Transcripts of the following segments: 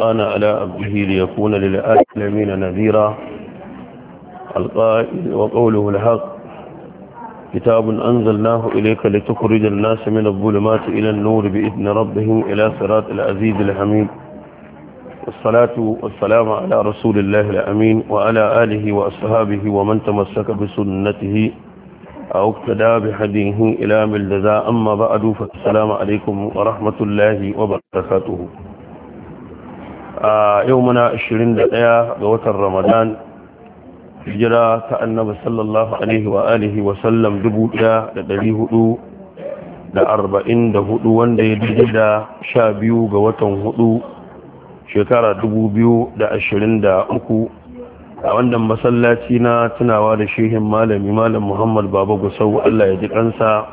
الفرقان على عبده ليكون للآلمين نذيرا القائل وقوله الحق كتاب أنزلناه إليك لتخرج الناس من الظلمات إلى النور بإذن ربهم إلى صراط العزيز الحميد والصلاة والسلام على رسول الله الأمين وعلى آله وأصحابه ومن تمسك بسنته أو اقتدى بحديه إلى من أما بعد فالسلام عليكم ورحمة الله وبركاته A yau muna 21 ga watan ramadan jira ta annaba sallallahu alaihi wa alihi wa sallam 1444 wanda ya daidai da 12 ga watan 4 shekara 2023 a wannan masallaci na tunawa da shehin malami malam muhammad baba gusau allah ya ji kansa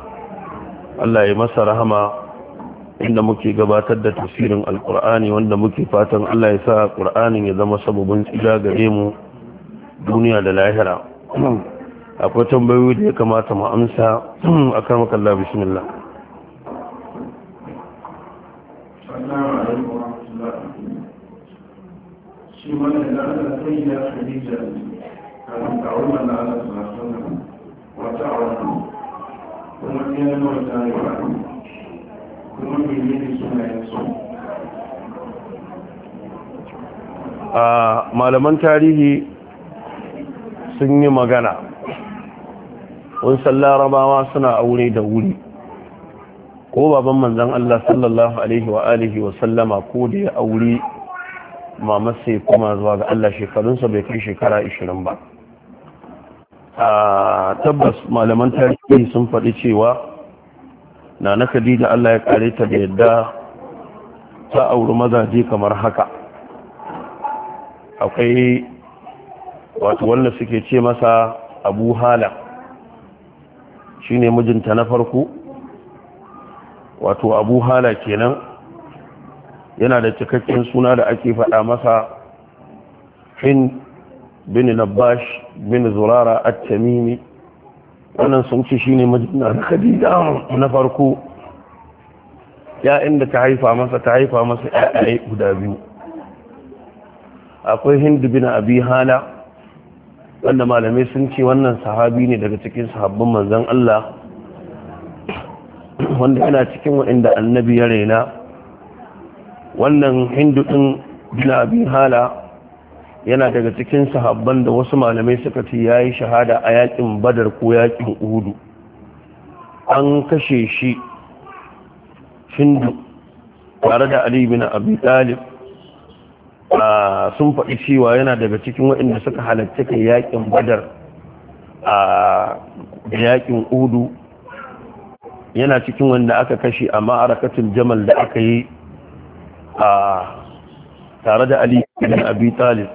allah ya masa rahama inda muke gabatar da tafsirin alkur'ani wanda muke fatan Allah ya sa qur'anin ya zama sababin tsira gare mu duniya da lahira akwai tambayoyi da ya kamata mu amsa akan makalla bismillah shi wannan da Allah a malaman tarihi sun yi magana san larabawa suna aure da wuri ko baban manzan Allah sallallahu alaihi wa alihi wa sallama ko da ya aure mama sai kuma zuwa ga Allah shekarunsa bai kai shekara 20 ba a tabbas malaman tarihi sun faɗi cewa na na khadija Allah ya kare ta da yadda ta auri mazaje kamar haka akwai wato wanda suke ce masa abu hala shine mijinta na farko wato abu hala kenan yana da cikakken suna da ake faɗa masa hin bin nabash bin zurara at-tamimi wannan sun ce ne majina da khadija na farko ya'yan inda ta haifa masa ta haifa masa ya'yaye guda biyu akwai hindu bin abi hala wanda malamai sun ce wannan sahabi ne daga cikin sahabban manzon Allah wanda yana cikin waɗanda annabi ya raina wannan hindu ɗin bin abi hala yana daga cikin sahabban da wasu malamai suka ce ya yi shahada a yakin badar ko yakin udu. an kashe shi shindu tare da ali bin abi talib sun faɗi cewa yana daga cikin waɗanda suka halarci kai yakin badar a yakin udu yana cikin wanda aka kashe a ma'arakatun jamal da aka yi a tare da ali bin abi talib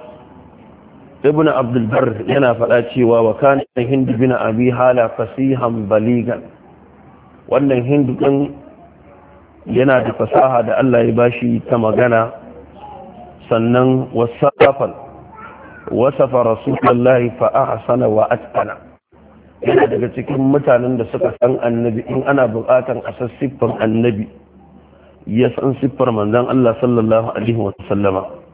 ibn abdulbar yana faɗa cewa wa kanin hindu bin abi hala fasihan baligan wannan hindu ɗin yana da fasaha da allah ya bashi ta magana sannan wasafan wasafa rasulullahi fa'ahsana wa atqana yana daga cikin mutanen da suka san annabi in ana buƙatar a san siffar annabi ya san siffar manzon Allah sallallahu alaihi wa sallama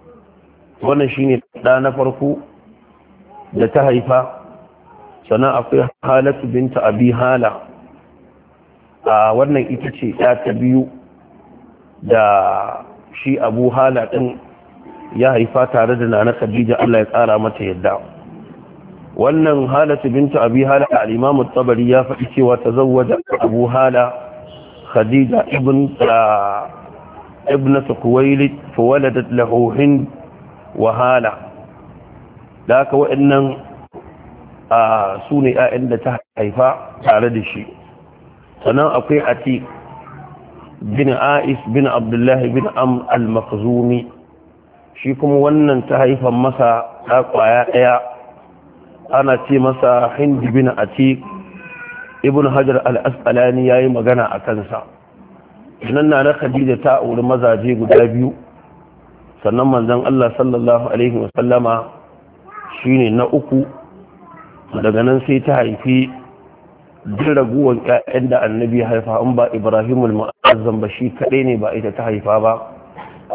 wannan shine da na farko da ta haifa sannan akwai halatu binta abi hala a wannan ita ce ya ta biyu da shi abu hala ɗin ya haifa tare da nana khadija Allah ya tsara mata yadda wannan halatu binta abi hala al-imam at-tabari ya faɗi cewa tazawwaja abu hala khadija ibn ibn kuwailid fawaladat lahu hind wa hala da haka waɗannan a su ne 'ya'yan da ta haifa tare da shi sannan akwai ati bin a'is bin abdullahi bin am al-makzumi shi kuma wannan ta haifa masa ta kwaya ɗaya ana ce masa hindi bin ati ibn hajar al-asqalani yi magana a kansa nan na na khadija ta auri mazaje guda biyu sannan manzon Allah sallallahu alaihi wasallama Shi ne na uku daga nan sai ta haifi jin raguwan ƴaƴan da annabi haifa in ba ibrahim mu'azzam ba shi kaɗai ne ba ita ta haifa ba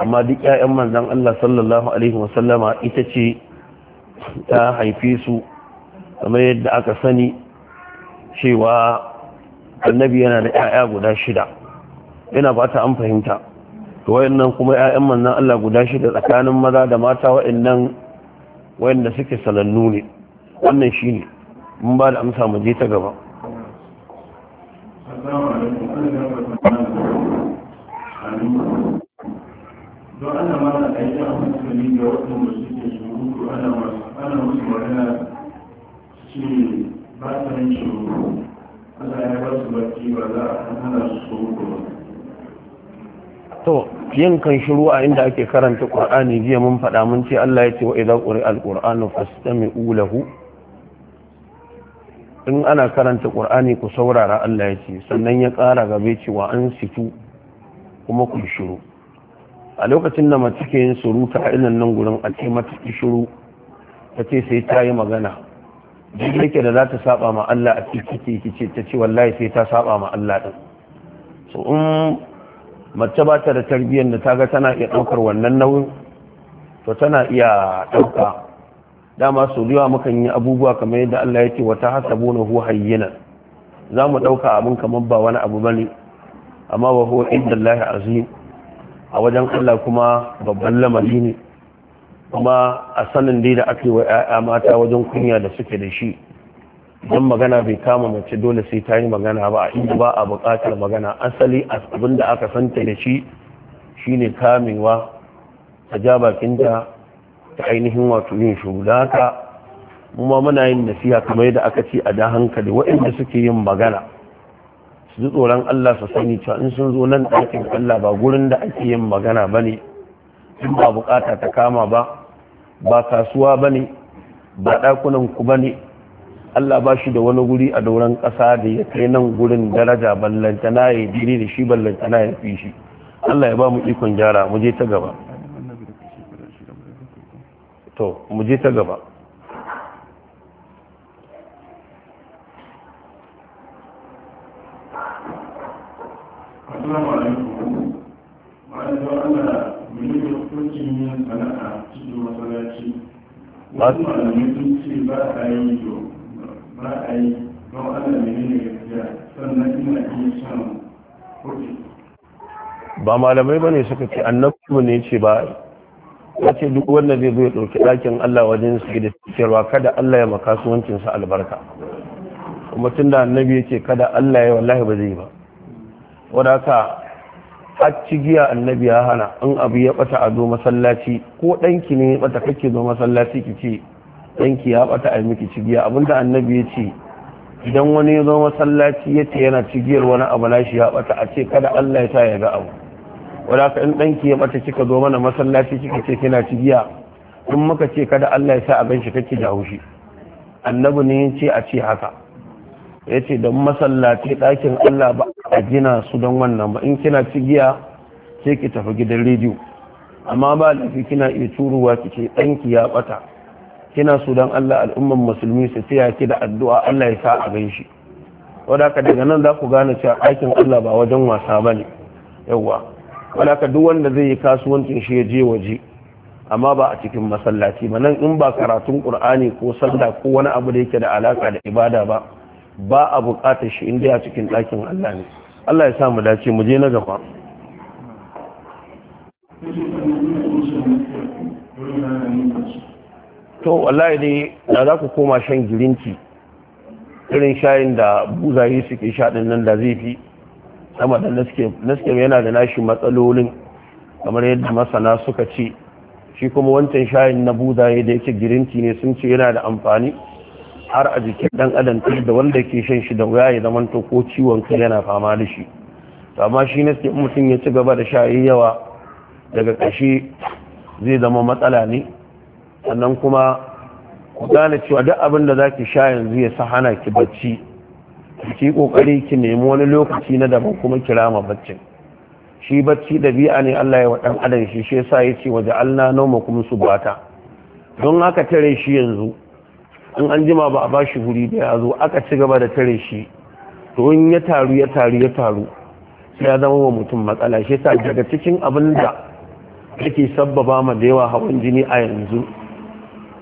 amma duk ƴaƴan manzan Allah sallallahu alaihi wasallama ita ce ta haife su kamar yadda aka sani cewa annabi yana da ƴaƴa guda shida yana fata an fahimta to wayannan kuma ƴaƴan manzan Allah guda shida tsakanin maza da mata wayannan wayanda suke sanannu ne wannan ne mun ba da amsa mu je ta gaba don ana da ana magana ba ta yin shuru Allah ya ba su barci ba za a hana su shuru ba yin kan shiru a inda ake karanta ƙur'ani jiya mun faɗa mun ce Allah ya ce wa idza quri'a al-qur'anu fastami'u ulahu in ana karanta ƙur'ani ku saurara Allah ya ce sannan ya ƙara gabe cewa an situ kuma ku shiru a lokacin da mace ke yin suruta a ilan nan gurin a ce mata ki shiru ta ce sai ta yi magana duk yake da za ta saba ma Allah a ciki ki ta ce wallahi sai ta saba ma Allah din so mace ba ta da tarbiyyar da ta ga tana iya ɗaukar wannan nauyin to tana iya ɗauka dama su yawa mukan yi abubuwa kamar yadda Allah ya ce wata hasabu na huwa hayyina za mu ɗauka abin kamar ba wani abu bane amma ba huwa inda Allah azim a wajen Allah kuma babban lamari ne kuma a sanin dai da ake wa 'ya'ya mata wajen kunya da suke da shi don magana bai kama mace dole sai ta yi magana ba a inda ba a buƙatar magana asali a abin da aka santa da shi shine kamewa ta ja bakinta ta ainihin wato yin shuru da kuma muna yin nasiha kamar yadda aka ce a da hankali waɗanda suke yin magana su ji tsoron Allah su sani cewa in sun zo nan ɗakin Allah ba gurin da ake yin magana ba ne in ba bukata ta kama ba ba kasuwa ba ne ba ɗakunan ku ba ne Allah ba shi da wani guri a dauran ƙasa da ya kai nan gurin daraja ballantana ya jiri da shi ballantana ya fi shi Allah ya ba mu ikon gyara mu je ta gaba to mu je ta gaba yi yin cikin Wasu malamai sun ce ba a yi ba malamai bane suka ce annabi ne ce ba ya ce duk wanda zai zo ya ɗauki ɗakin Allah wajen su da cewa kada Allah ya maka sa albarka kuma tun da annabi ya ce kada Allah ya wallahi ba zai ba wadda haka hacci giya annabi ya hana in abu ya bata a zo masallaci ko ɗanki ne ya bata kake zo masallaci ki ce yanki ya bata a miki cigiya abinda annabi ya ce idan wani ya zo masallaci ya ce yana cigiyar wani abu na shi ya bata a ce kada Allah ya sa ya ga abu ka in danki ya bata kika zo mana masallaci kika ce kina cigiya in muka ce kada Allah ya sa a gan shi kake da haushi annabi ne ya ce a ce haka ya ce don masallaci ɗakin Allah ba a gina su don wannan ba in kina cigiya sai ki tafi gidan rediyo amma ba lafi kina iya turuwa ki ce ɗanki ya bata kina su dan Allah al'umman musulmi su tsaya ki da addu'a Allah ya sa a gan shi wadaka daga nan za ku gane cewa aikin Allah ba wajen wasa ba bane yawa wadaka duk wanda zai yi kasuwancin shi ya je waje amma ba a cikin masallaci ba nan in ba karatun qur'ani ko sallah ko wani abu da yake da alaka da ibada ba ba a buƙatar shi inda a cikin ɗakin Allah ne Allah ya sa mu dace mu je na gaba to wallahi dai da za ku koma shan girinci irin shayin da buzaye suke sha din nan da zai fi sama da naske yana da nashi matsalolin kamar yadda masana suka ce shi kuma wancan shayin na buzaye da yake girinci ne sun ce yana da amfani har a jikin dan adam da wanda ke shan shi da wuya ya zama to ko ciwon kai yana fama da shi amma shi naske mutum ya ci gaba da shayi yawa daga ƙashi zai zama matsala ne sannan kuma ku gane cewa duk abin da za ki sha yanzu ya sa hana ki bacci ki kokari ki nemi wani lokaci na daban kuma kira ma baccin shi bacci dabi'a ne Allah ya wadan dan shi shi yasa yace waje Allah nauma kuma su bata. don haka tare shi yanzu in an jima ba a bashi huri da ya aka ci gaba da tare shi to in ya taru ya taru ya taru sai ya zama wa mutum matsala shi yasa daga cikin abin da yake sabbaba ma da yawa hawan jini a yanzu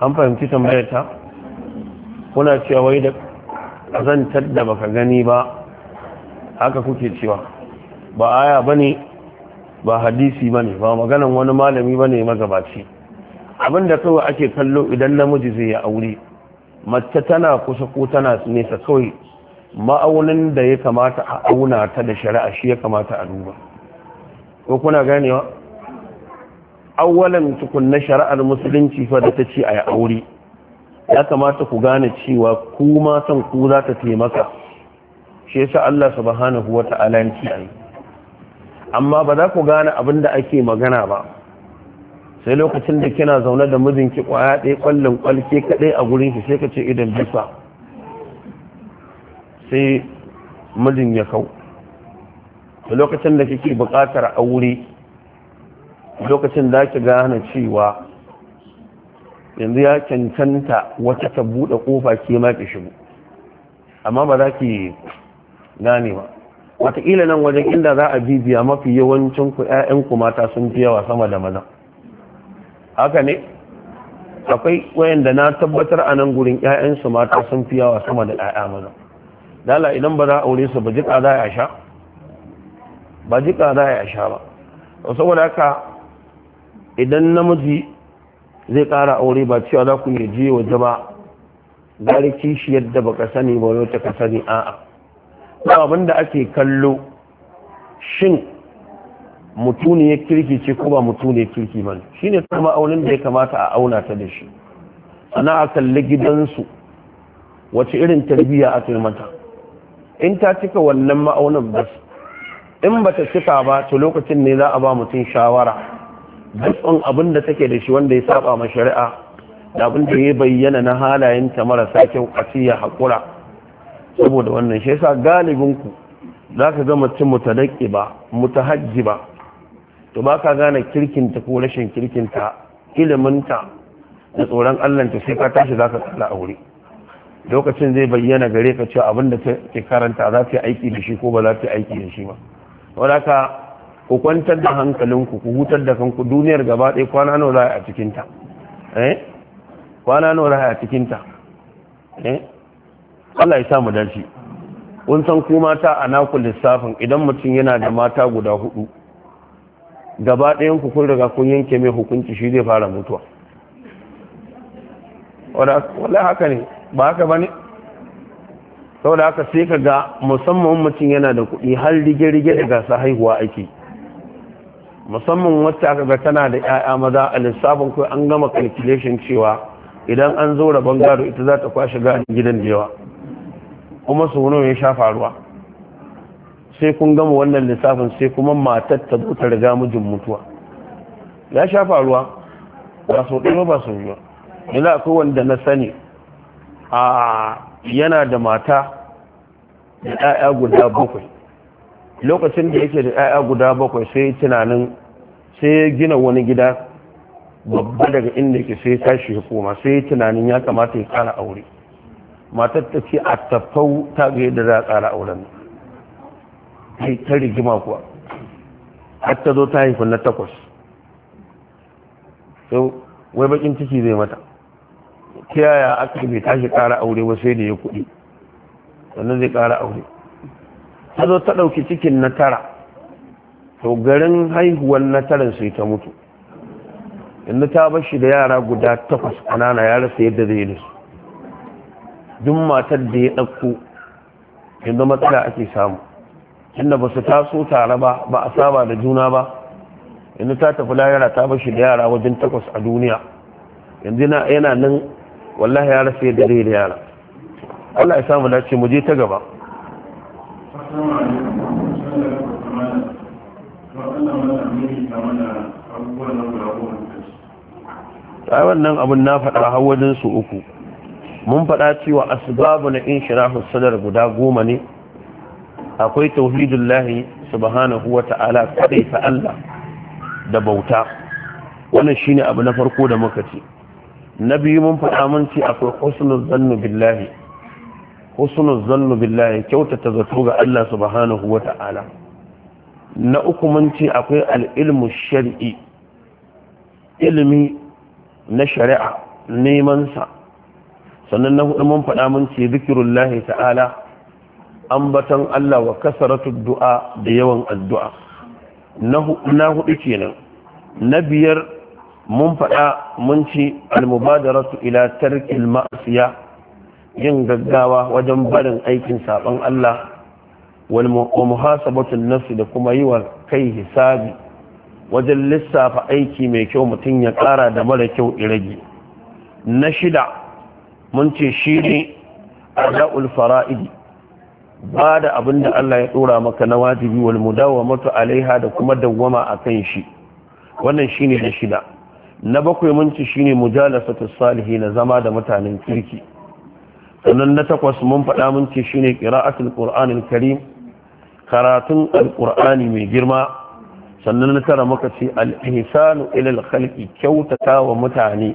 an fahimci tambayar ta kuna cewa wai da zantar da baka gani ba haka kuke cewa ba aya bane ba hadisi bane ba maganan wani malami bane magabaci abinda kawai ake kallo idan namiji zai yi aure mace tana kusa ko tana nesa kawai ma'aunin da ya kamata a auna ta da shari'a shi ya kamata a duba ko kuna ganewa wa. tukun na shari'ar musulunci fa da ta ce a yi aure ya kamata ku gane cewa ku ma san ku za ta taimaka shi yasa Allah subhanahu wata'ala ya kiyaye amma ba za ku gane abin da ake magana ba sai lokacin da kina zaune da mijinki kwaya ɗaya kwallon kwalke kaɗai a gurin shi sai ka ce idan bisa sai mijin ya kau da lokacin da kake buƙatar aure lokacin da ki gane cewa yanzu ya cancanta wata ta buɗe ƙofa ke ma ki shigo amma ba za ki gane ba wataƙila nan wajen inda za a bibiya mafi yawancin ku ku mata sun fi yawa sama da maza haka ne akwai wayanda na tabbatar a nan gurin ƴaƴansu mata sun fi yawa sama da ƴaƴa maza dala idan ba za a aure su ba jiƙa za a sha ba ji za a sha ba saboda haka idan namiji zai ƙara aure ba cewa za ku yi je waje ba gari kishi yadda ba ka sani ba wata ka sani a'a ba abin da ake kallo shin ya kirki ce ko ba mutuniyar kirki ba shi ne kuma aunin da ya kamata a auna ta da shi ana a kalli gidansu wace irin tarbiyya a in ta cika wannan ma'aunin ba in ba ta cika ba to lokacin ne za a ba mutum shawara dukkan abin da take da shi wanda ya saba ma shari'a da abin da ya bayyana na halayen ta marasa kyau a ya haƙura saboda wannan shi yasa galibinku za ka ga mutum mutadaki ba mutahajji ba to ba ka gane kirkinta ko rashin kirkinta iliminta da tsoron ta, sai ka tashi za ka kalla a wuri lokacin zai bayyana gare ka cewa abin da ke karanta za ta yi aiki da shi ko ba za ta yi aiki da shi ba wadaka ku kwantar da hankalinku ku hutar da kanku duniyar gaba ɗaya kwana nawa za a cikin ta eh kwana nawa za a cikin ta eh Allah ya sa mu dace kun san ku mata a naku lissafin idan mutum yana da mata guda hudu gaba ɗayan ku kun riga kun yanke mai hukunci shi zai fara mutuwa wala haka ne ba haka bane da haka sai ka ga musamman mutum yana da kuɗi har rige-rige da gasa haihuwa ake musamman wacce aka ga tana da 'ya'ya maza a lissafin kai an gama calculation cewa idan an zo da bangaro ita za ta kwashe gani gidan da yawa. kuma su wani ya sha faruwa sai kun gama wannan lissafin sai kuma matar ta zo ta riga mijin mutuwa ya sha faruwa ba sau ɗaya ba sau biyu Yana akwai wanda na sani a yana da mata da 'ya'ya guda bakwai lokacin da yake da 'ya'ya guda bakwai sai tunanin sai gina wani gida babba daga inda yake sai tashi koma sai tunanin ya kamata ya kara aure matar ta ce a tafau ta ga yadda za a kara auren sai ta rigima kuwa har ta zo ta haifin na takwas wai bakin ciki zai mata kiyaya aka bai tashi kara aure ba sai da ya kuɗi sannan zai kara aure ta zo ta ɗauki cikin na tara to garin haihuwan na taran sai ta mutu inda ta bar shi da yara guda takwas ƙanana ya rasa yadda zai da duk matar da ya ɗauko inda matsala ake samu inda ba su taso tare ba ba a saba da juna ba inda ta tafi layara ta bar shi da yara wajen takwas a duniya yanzu yana nan wallahi ya rasa yadda zai da yara Allah ya samu dace mu je ta gaba ta wannan abin na faɗa wajen su uku mun faɗa cewa asbabu na in shirahun sadar guda goma ne akwai tauhidun lahi subhanahu wa ta'ala kaɗai ta Allah da bauta wannan shine abu na farko da muka ce na biyu mun faɗa mun ce akwai husnul zannu billahi husnul zannu billahi kyautata zato ga Allah subhanahu wata'ala na uku mun ce akwai al'ilmu shari'i. ilimi na shari'a neman sa sannan na hudu mun faɗa mun ce zikirullahi ta'ala ambatan Allah wa kasaratu du'a da yawan addu'a na hudu kenan na biyar mun faɗa mun ci almubadaratu ila tarkil ma'asiya yin gaggawa wajen barin aikin saɓon Allah wa muhasabatun nafsi da kuma yi wa kai hisabi wajen lissafa aiki mai kyau mutum ya ƙara da mara kyau irage na shida mun ce shi ne ada'ul fara'idi ba da abin da Allah ya ɗora maka na wajibi wal mudawamatu alaiha da kuma dawwama a kan shi wannan shine na shida na bakwai mun ci shine mujalasatu salihi na zama da mutanen kirki sannan na takwas mun faɗa mun ci shine qira'atul qur'anil karim karatun alqur'ani mai girma sannan na tara muka ce al-ihsanu ila al-khalqi kyautata wa mutane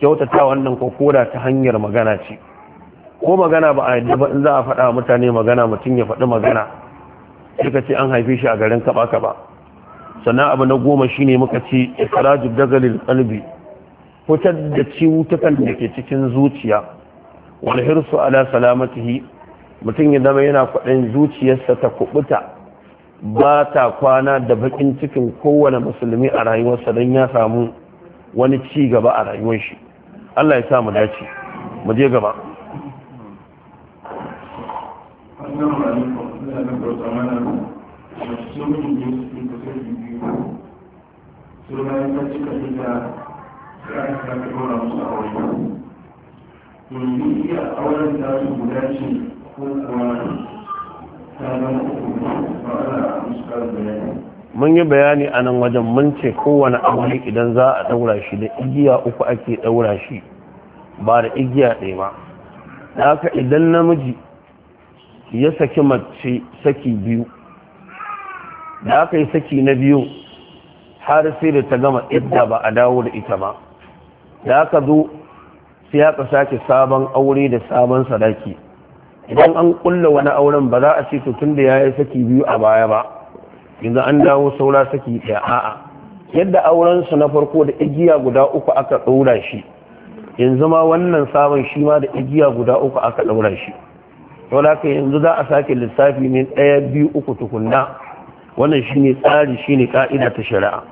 kyautata wannan ko ta hanyar magana ce ko magana ba a yadda ba in za a faɗa mutane magana mutum ya faɗi magana suka ce an haife shi a garin kaba kaba sannan abu na goma shi ne muka ce ikraju dagalin kalbi fitar da ciwutukan da ke cikin zuciya wani hirsu ala salamatihi mutum ya zama yana kwaɗin zuciyarsa ta kubuta ba ta kwana da bakin cikin kowane musulmi a rayuwarsa don ya samu wani ci gaba a rayuwar shi Allah ya sa mu dace mu je gaba Thank you. sai bayan ta cika ita sai aka ta ɗora musu aure yanzu iya auren da su guda ce ko kuwa ta zama uku ba a musu ƙarin bayani mun yi bayani a nan wajen mun ce kowane aure idan za a daura shi da igiya uku ake daura shi ba da igiya ɗaya ba da haka idan namiji ya saki mace saki biyu da aka yi saki na biyu har sai da ta gama idda ba a dawo da ita ba da aka zo sai aka sake sabon aure da sabon sadaki idan an kulla wani auren ba za a ce tun da ya yi saki biyu a baya ba yanzu an dawo saura saki ɗaya a'a yadda auren su na farko da igiya guda uku aka ɗaura shi yanzu ma wannan sabon shi ma da igiya guda uku aka ɗaura shi wala ka yanzu za a sake lissafi ne ɗaya biyu uku tukunna wannan shine tsari shine ka'ida ta shari'a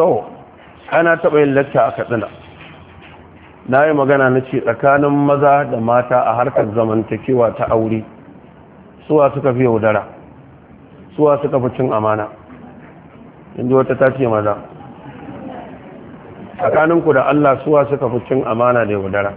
to ana taɓa yin lacca a katsina na yi magana na ce tsakanin maza da mata a harkar zamantakewa ta aure suwa suka fi yaudara suwa suka fi cin amana inda wata ta ce maza tsakaninku da allah suwa suka fi cin amana da yaudara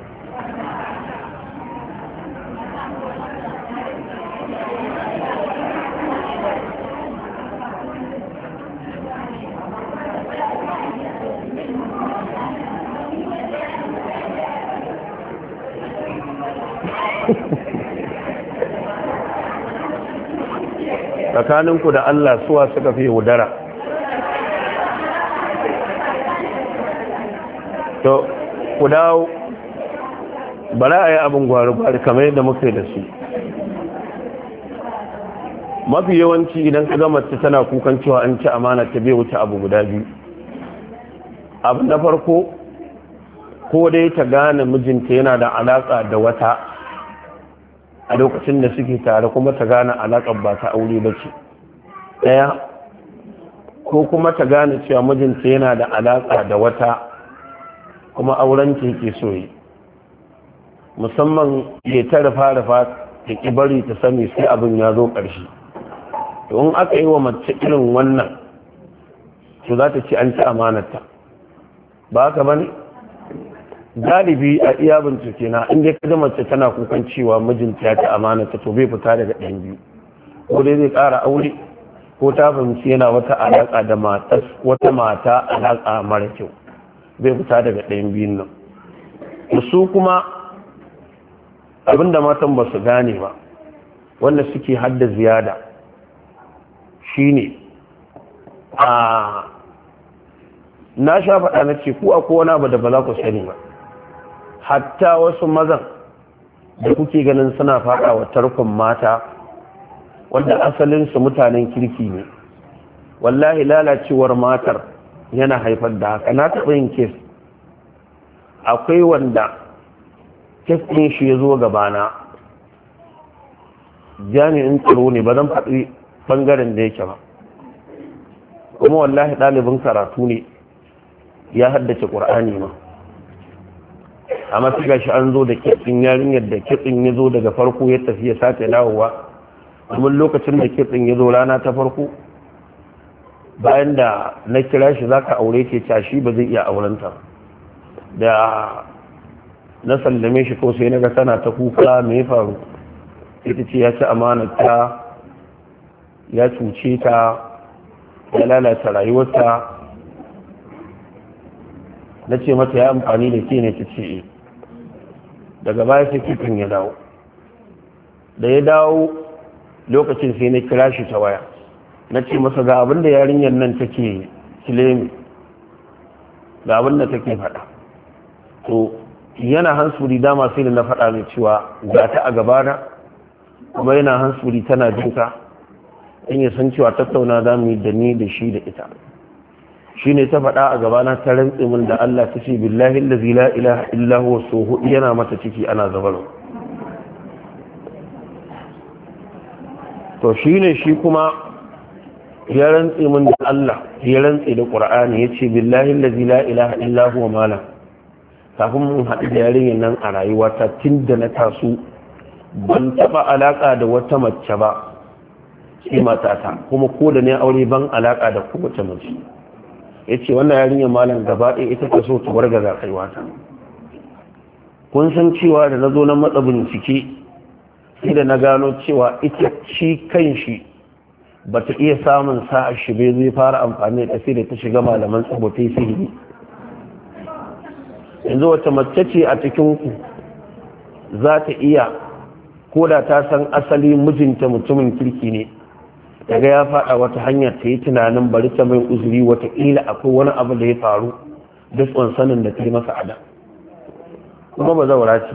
tsakaninku da Allah suwa suka fi yaudara to ku dawo a yi abin gwari-gwari kamar yadda muka da su mafi yawanci idan ka gama ta tana kukan cewa an ci amana ta bai wuce abu guda biyu abu na farko ko dai ta gane mijinta yana da alaƙa da wata a lokacin da suke tare kuma ta gane alaƙar ba ta aure ba ce ɗaya ko kuma ta gane cewa mijinta yana da alaƙa da wata kuma auren ke so yi musamman ya ta rufa rufa ta ki bari ta sani sai abin ya zo ƙarshe to in aka yi wa mace irin wannan to za ta ci an ci amanarta ba ka ba galibi a iya bincike na inda ka ji mace tana kukan cewa mijinta ya ci amanarta to bai fita daga ɗan biyu ko dai zai ƙara aure ko ta fahimci yana wata alaƙa da matas wata mata alaƙa mara kyau zai fita daga ɗayan biyun nan su kuma abinda matan ba su gane ba wanda suke hadda ziyada shine a na sha faɗa na ce ku akwai wani abu da ba za ku sani ba hatta wasu mazan da kuke ganin suna faɗa wa tarkon mata wanda asalinsu mutanen kirki ne wallahi lalacewar matar yana haifar da haka na taɓa yin kes akwai wanda kes ɗin shi ya zo gabana jami'in tsaro ne ba zan faɗi ɓangaren da yake ba kuma wallahi ɗalibin karatu ne ya haddace ƙur'ani ma a masu gashi an zo da kitsin yarinyar da kitsin ya zo daga farko ya tafi ya sake dawowa domin lokacin da kitsin ya zo rana ta farko bayan da na kira shi za ka aure ke cashi ba zai iya aurenta da na sallame shi ko sai na ga tana ta kuka mai faru ita ce ya ci amanarta ya cuce ta ya lalata rayuwarta na ce mata ya amfani da ke ne ta ce eh. daga baya sai kifin ya dawo da ya dawo lokacin sai na kira shi ta waya na ce masa ga abin da yarinyar nan take kilemi ga abin da take faɗa to yana hansuri dama sai da na faɗa mai cewa ga ta a gabana kuma yana hansuri tana jinka in ya san cewa tattauna za mu yi da ni da shi da ita shi ne ta faɗa a gabana ta rantsi min da Allah ta ce billahi la ilaha illa huwa so yana mata ciki ana zabarwa to ne shi kuma ya rantsi min da Allah ya rantsi da Qur'ani yace billahi allazi la ilaha illa huwa mala kafin mun haɗu da yarinyar nan a rayuwata tun da na taso ban taɓa alaƙa da wata mace ba sai matata kuma ko da ne aure ban alaƙa da kowace mace ya ce wannan yarinyar malam gaba ɗaya ita ta so ta wargaza kaiwata kun san cewa da na zo na matsa bincike sai na gano cewa ita shi kan shi ba ta iya samun sa'a shi bai zai fara amfani da tafi da ta shiga malaman tsabotai sihiri yanzu wata mace ce a cikin ku za ta iya koda ta san asali mijinta mutumin kirki ne daga ya faɗa wata hanyar ta yi tunanin bari ta mai uzuri wataƙila akwai wani abu da ya faru duk sanin da ta yi masa adam kuma ba zaura ce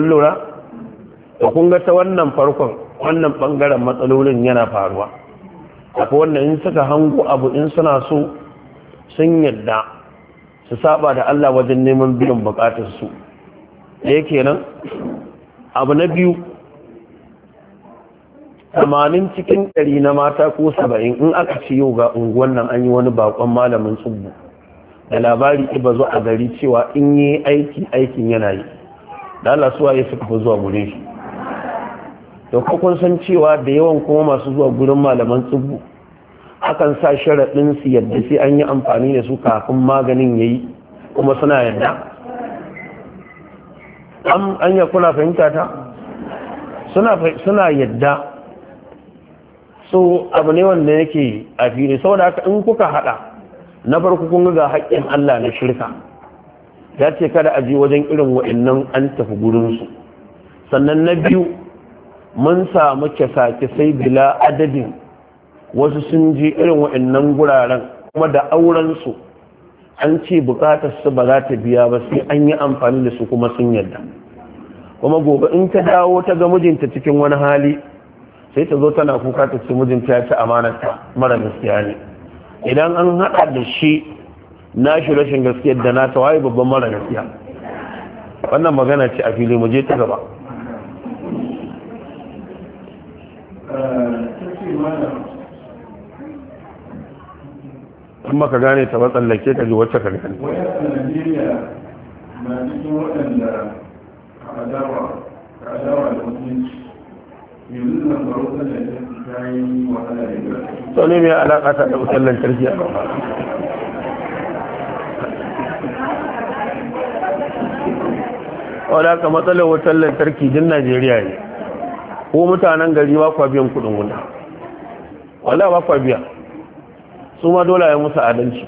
lura da kun ga ta wannan farkon wannan bangaren matsalolin yana faruwa akwai wannan in suka hango abu in suna so sun yadda su saba da Allah wajen neman biyan bukatarsu da yake nan abu na biyu tamanin cikin ɗari na mata ko saba'in in aka ci yau ga unguwan nan an yi wani bakon malamin tsubu da labari iba zuwa a gari cewa in yi aiki aikin yana yi da Allah ya suka fi zuwa gure shi da kun san cewa da yawan kuma masu zuwa gurin malaman tsibbu akan sa sharaɗin su yadda sai an yi amfani da su kafin maganin ya yi kuma suna yadda an ya kuna fahimta ta suna yadda so abu ne wanda yake a fili saboda haka in kuka hada na farko kun ga haƙƙin Allah na shirka ya ce kada a je wajen irin wa'annan an tafi gurinsu sannan na biyu mun samu kyasa sai bila adadin wasu sun je irin wa'annan guraren kuma da aurensu an ce bukatar su ba za ta biya ba sai an yi amfani da su kuma sun yadda kuma gobe in ta dawo ta ga mijinta cikin wani hali sai ta zo tana kuka ta ce mijinta ya ci amanarta mara gaskiya ne idan an haɗa da shi na shi rashin gaskiyar da na ta waye babban mara gaskiya wannan magana ce a fili mu je ta gaba kuma ka gane ta tsallake ka ji wacce ka gane na cikin waɗanda a adawa da da sau ne mai alaƙa ta da wutar lantarki a ƙafa wadda ka matsalar wutar lantarki din najeriya ne ko mutanen gari ba kwa biyan kudin wuta wala ba kwa biya su ma dole ya musu adalci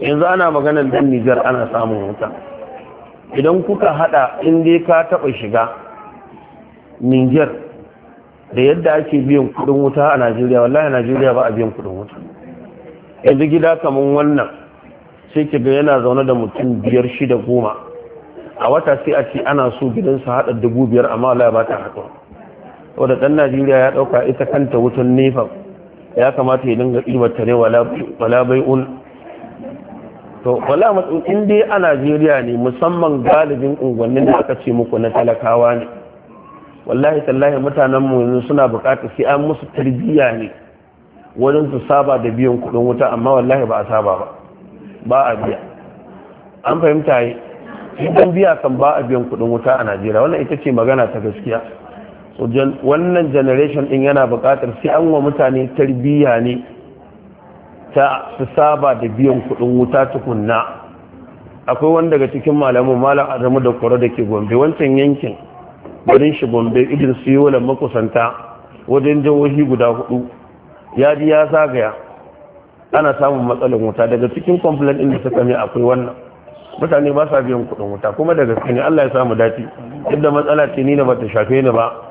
yanzu ana maganar dan Nijar ana samun wuta idan kuka hada in dai ka taba shiga Nijar da yadda ake biyan kudin wuta a Najeriya wallahi Najeriya ba a biyan kudin wuta yanzu gida kaman wannan sai ga yana zaune da mutum biyar shida goma a wata sai a ce ana so gidansa haɗa dubu biyar amma Allah ba ta haɗuwa wadda ɗan najeriya ya ɗauka ita kanta wutan nefa ya kamata ya dinga ƙimata ne wala un to wala matsu in a najeriya ne musamman galibin unguwannin da aka ce muku na talakawa ne wallahi tallahi mutanen mu yanzu suna buƙatar sai an musu tarbiyya ne wajen su saba da biyan kuɗin wuta amma wallahi ba a saba ba ba a biya an fahimta yi idan biya kan ba a biyan kuɗin wuta a najeriya wannan ita ce magana ta gaskiya so wannan generation din yana buƙatar sai an wa mutane tarbiyya ne ta su saba da biyan kuɗin wuta tukunna akwai wani daga cikin malamu malam adamu da kwaro da ke gombe wancan yankin garin shi gombe idin su yi makusanta wajen jihohi guda hudu ya ji ya zagaya ana samun matsalar wuta daga cikin complaint din da suka mai akwai wannan mutane ba sa biyan kuɗin wuta kuma daga gaske Allah ya samu dace yadda matsala ce ni na bata shafe ni ba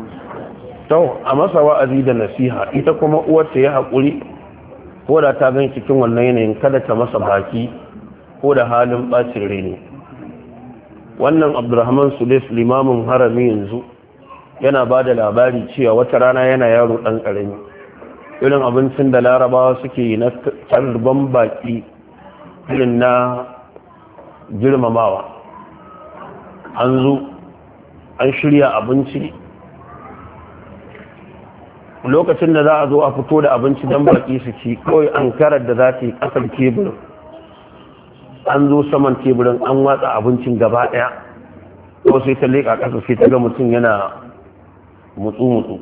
to a masa wa'azi da nasiha ita kuma uwarta ya haƙuri ko da ta gan cikin wannan yanayin kada ta masa baki ko da halin bacin rai wannan abdurrahman sulis limamin harami yanzu yana ba da labari cewa wata rana yana yaro ɗan ƙarami irin abincin da larabawa suke yi na tarban baki irin na girmamawa an zo an shirya abinci lokacin da za a zo a fito da abinci don baki su ci kawai an karar da za su yi kasar teburin an zo saman teburin an watsa abincin gaba ɗaya ko sai ta leƙa ƙasa sai ta ga mutum yana mutsu-mutsu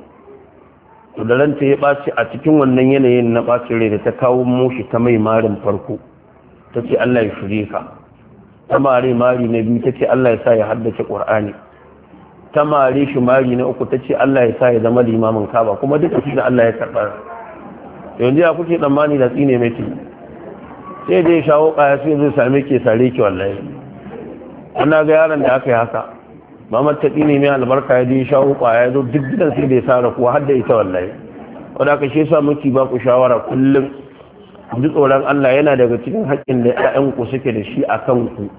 to da ranta ya baci a cikin wannan yanayin na ɓacin rai da ta kawo mushi ta mai marin farko ta ce allah ya shirye ka ta mare mari na biyu ta ce allah ya sa ya haddace ƙwar'ani ta mare shi mari na uku ta ce Allah ya sa ya zama limamin kaba kuma duka shi da Allah ya karɓar yanzu ya kuke tsammani da tsine mai sai dai shawo kaya sai zai same ke sare ki wallahi ana ga yaron da aka yi haka mamar ta tsine mai albarka ya dai shawo kaya ya zo duk gidan sai da ya sare kuwa har da ita wallahi wanda aka shi sa muke ba ku shawara kullum duk tsoron Allah yana daga cikin haƙƙin da 'ya'yanku suke da shi a ku.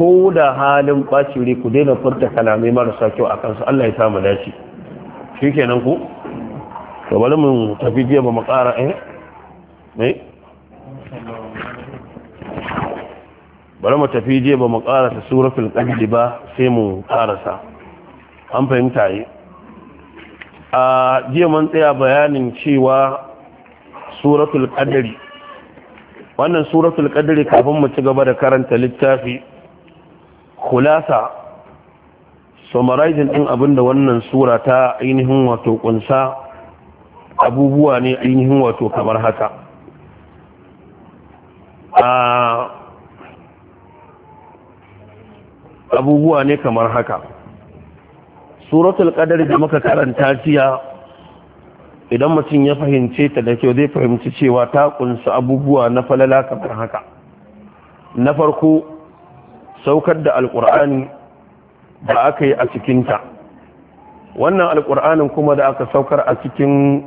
ko da halin bacire ku daina furta kalamai marasa kyau a kansu Allah ya samu dace shi kenan ku to bari mun tafi jiya ba mu ƙara eh eh bari mu tafi jiya ba mu ta suratul qadr ba sai mu ƙarasa an fahimta yi eh? a jiya mun tsaya bayanin cewa suratul qadr wannan suratul qadr kafin mu ci gaba da karanta littafi Kulasa, summarizing din abinda wannan sura ta ainihin wato kunsa abubuwa ne ainihin wato kamar haka abubuwa ne kamar haka suratul qadar da muka karanta jiya idan mutum ya fahimce ta da kyau zai fahimci cewa ta kunsa abubuwa na falala kamar haka na farko saukar da alkur'ani da aka yi a cikinta wannan alkur'anin kuma da aka saukar a cikin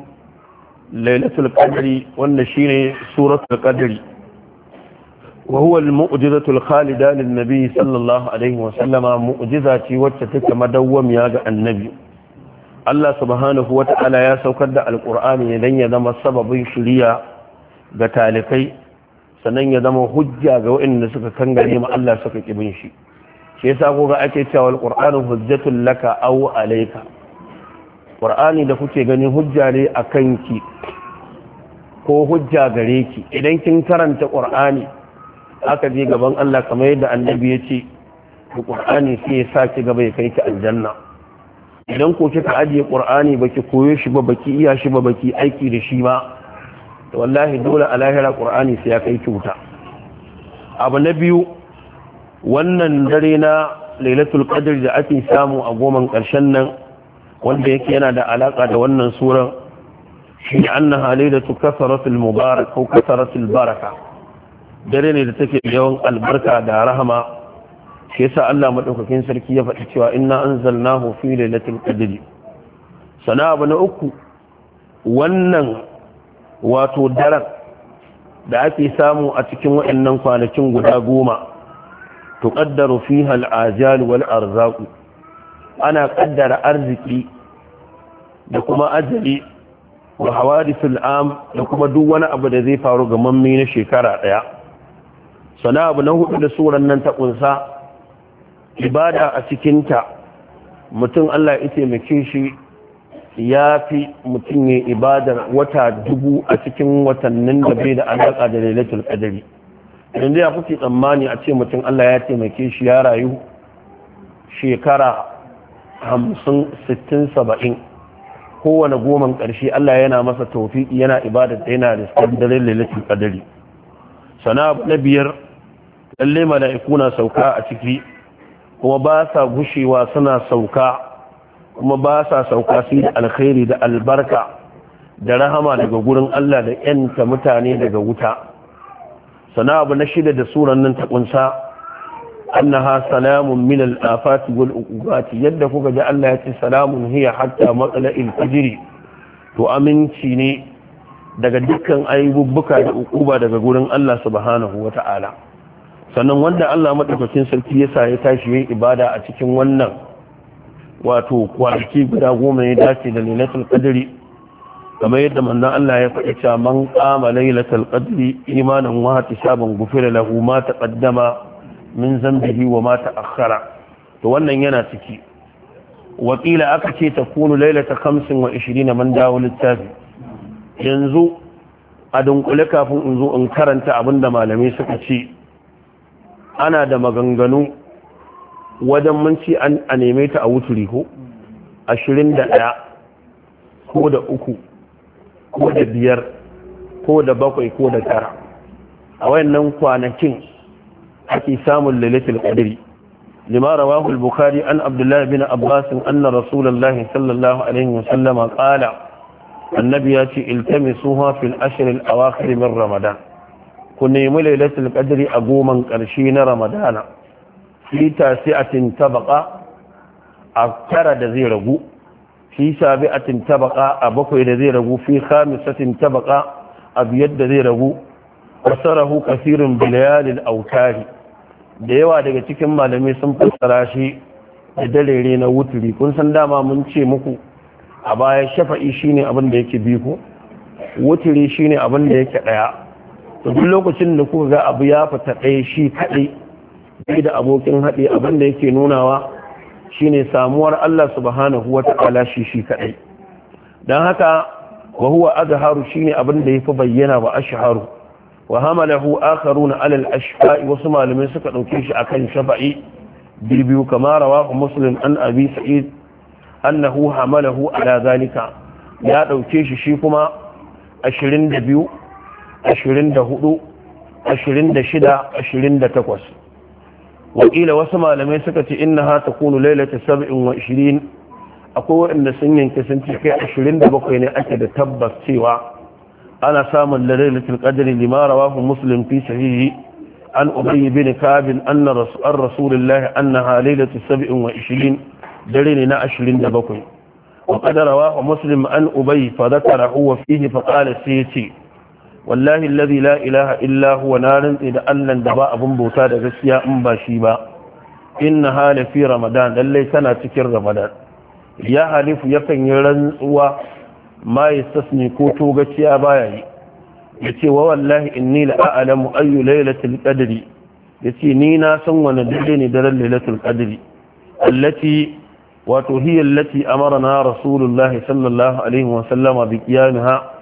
lailatul qadri wannan shine suratul qadri wa huwa al-mu'jizatul khalida lin nabi sallallahu alaihi wa sallama mu'jiza ce wacce take madawwamiya ga annabi Allah subhanahu Ta'ala ya saukar da alkur'ani dan ya zama sababin shiriya ga talikai sannan ya zama hujja ga waɗanda suka kangare ma Allah suka kibin shi shi yasa ko ga ake cewa alqur'anu hujjatun laka aw alayka qur'ani da kuke ganin hujja ne akan ki ko hujja gare ki idan kin karanta qur'ani aka je gaban Allah kamar yadda annabi ya ce qur'ani sai ya saki gaba ya kai ki aljanna idan ko kika ajiye qur'ani baki koyo shi ba baki iya shi ba baki aiki da shi ba Da wallahi dole a lahira qur'ani sai ya kai cuta. abu na biyu wannan dare na lailatul qadr da ake samu a goman karshen nan wanda yake yana da alaka da wannan suran shi annaha lailatu kasaratul mubarak ko kasaratul baraka dare ne da take yawan albarka da rahama shi yasa Allah madaukakin sarki ya faɗi cewa inna anzalnahu fi lailatul qadr sana abu na uku wannan wato daren da ake samu a cikin waɗannan kwanakin guda goma to ƙaddaro fi hal'ajal wal arzaku ana ƙaddara arziki da kuma ajali wa hawadisul am da kuma duk wani abu da zai faru ga mammi na shekara ɗaya sana abu na hudu da suran nan ta ƙunsa ibada a cikin ta, mutum Allah ya taimake shi ya fi mutum ya ibadar wata dubu a cikin watannin da bai da alaƙa da lailatul qadari yanzu ya kuke tsammani a ce mutum Allah ya taimake shi ya rayu shekara hamsin sittin saba'in kowane goman ƙarshe Allah yana masa taufiki yana ibadar da yana da da lalatul ƙadari sana na biyar lalle mala'iku na sauka a ciki kuma ba sa gushewa suna sauka kuma ba sa sauka su da alkhairi da albarka da rahama daga gurin Allah da yanta mutane daga wuta sana abu na shida da suran nan ta kunsa ha salamun minal afati wal ukubati yadda kuka ji Allah ya ce salamun hiya hatta matsala fajri to aminci ne daga dukkan ayyubuka da ukuba daga gurin Allah subhanahu wata'ala sannan wanda Allah maɗaukacin sarki yasa ya tashi yin ibada a cikin wannan wato kwanaki guda goma ya dace da lailatul qadri kamar yadda manzon Allah ya faɗi cewa man qama lailatul qadri imanan wa ihtisaban gufira lahu ma taqaddama min zambihi wa ma ta'akhkhara to wannan yana ciki wakila aka ce ta kunu lailata kamsin wa ishirin man dawo littafi yanzu a dunkule kafin in zo in karanta abin da malamai suka ce ana da maganganu wajen mun ci an a neme ta a wuturi ko 21 ko da 3 ko da 5 ko da 7 ko da 9 a wannan kwanakin ake samun lalatul qadri lima rawahu bukhari an abdullah ibn abbas anna rasulullahi sallallahu alaihi wasallam qala annabi ya ce iltamisuha fi al-ashr al-awakhir min ramadan ku nemi lailatul ƙadiri a goman karshe na ramadana fi tasi'atin tabaqa a tara da zai ragu fi sabi'atin tabaqa a bakwai da zai ragu fi khamisatin tabaqa a biyar da zai ragu wasarahu kasirun bilayalil autari da yawa daga cikin malamai sun fassara shi da dalere na wuturi kun san dama mun ce muku a baya shafa'i shine abin da yake biyu wuturi shine abin da yake daya to duk lokacin da kuka ga abu ya fita ɗaya shi kaɗai bai da abokin haɗe abin da yake nunawa shine samuwar Allah subhanahu ta'ala shi shi kaɗai dan haka wa huwa azharu shine abin da yafi bayyana wa ashharu wa hamalahu akharuna ala al-ashfa'i wasu malamai suka dauke shi akan shafa'i bibiyu kama rawahu muslim an abi sa'id annahu hamalahu ala zalika ya dauke shi shi kuma 22 24 26 wakila wasu malamai suka ce inna ha ta kunu lailata sab'in wa ishirin akwai waɗanda sun yanke sun ce kai ashirin da bakwai ne ake da tabbas cewa ana samun da lailatul qadri lima rawahu muslim fi sahihi an ubayy bin kab anna rasul rasulullahi annaha lailatu sab'in wa ishirin dare ne na ashirin da bakwai وقد رواه مسلم عن أبي فذكره وفيه فقال سيتي wallahi allazi la ilaha illa huwa na rantsi da Allah da ba abun bauta da gaskiya in ba shi ba inna hala fi ramadan lallai tana cikin ramadan ya halifu yakan yi rantsuwa ma yastasni ko to gaciya baya yi yace wa wallahi inni la a'lamu ayyu lailatul qadri yace ni na san wani dare ne daren lailatul qadri allati wato hiya allati amarna rasulullahi sallallahu alaihi wa sallama bi qiyamha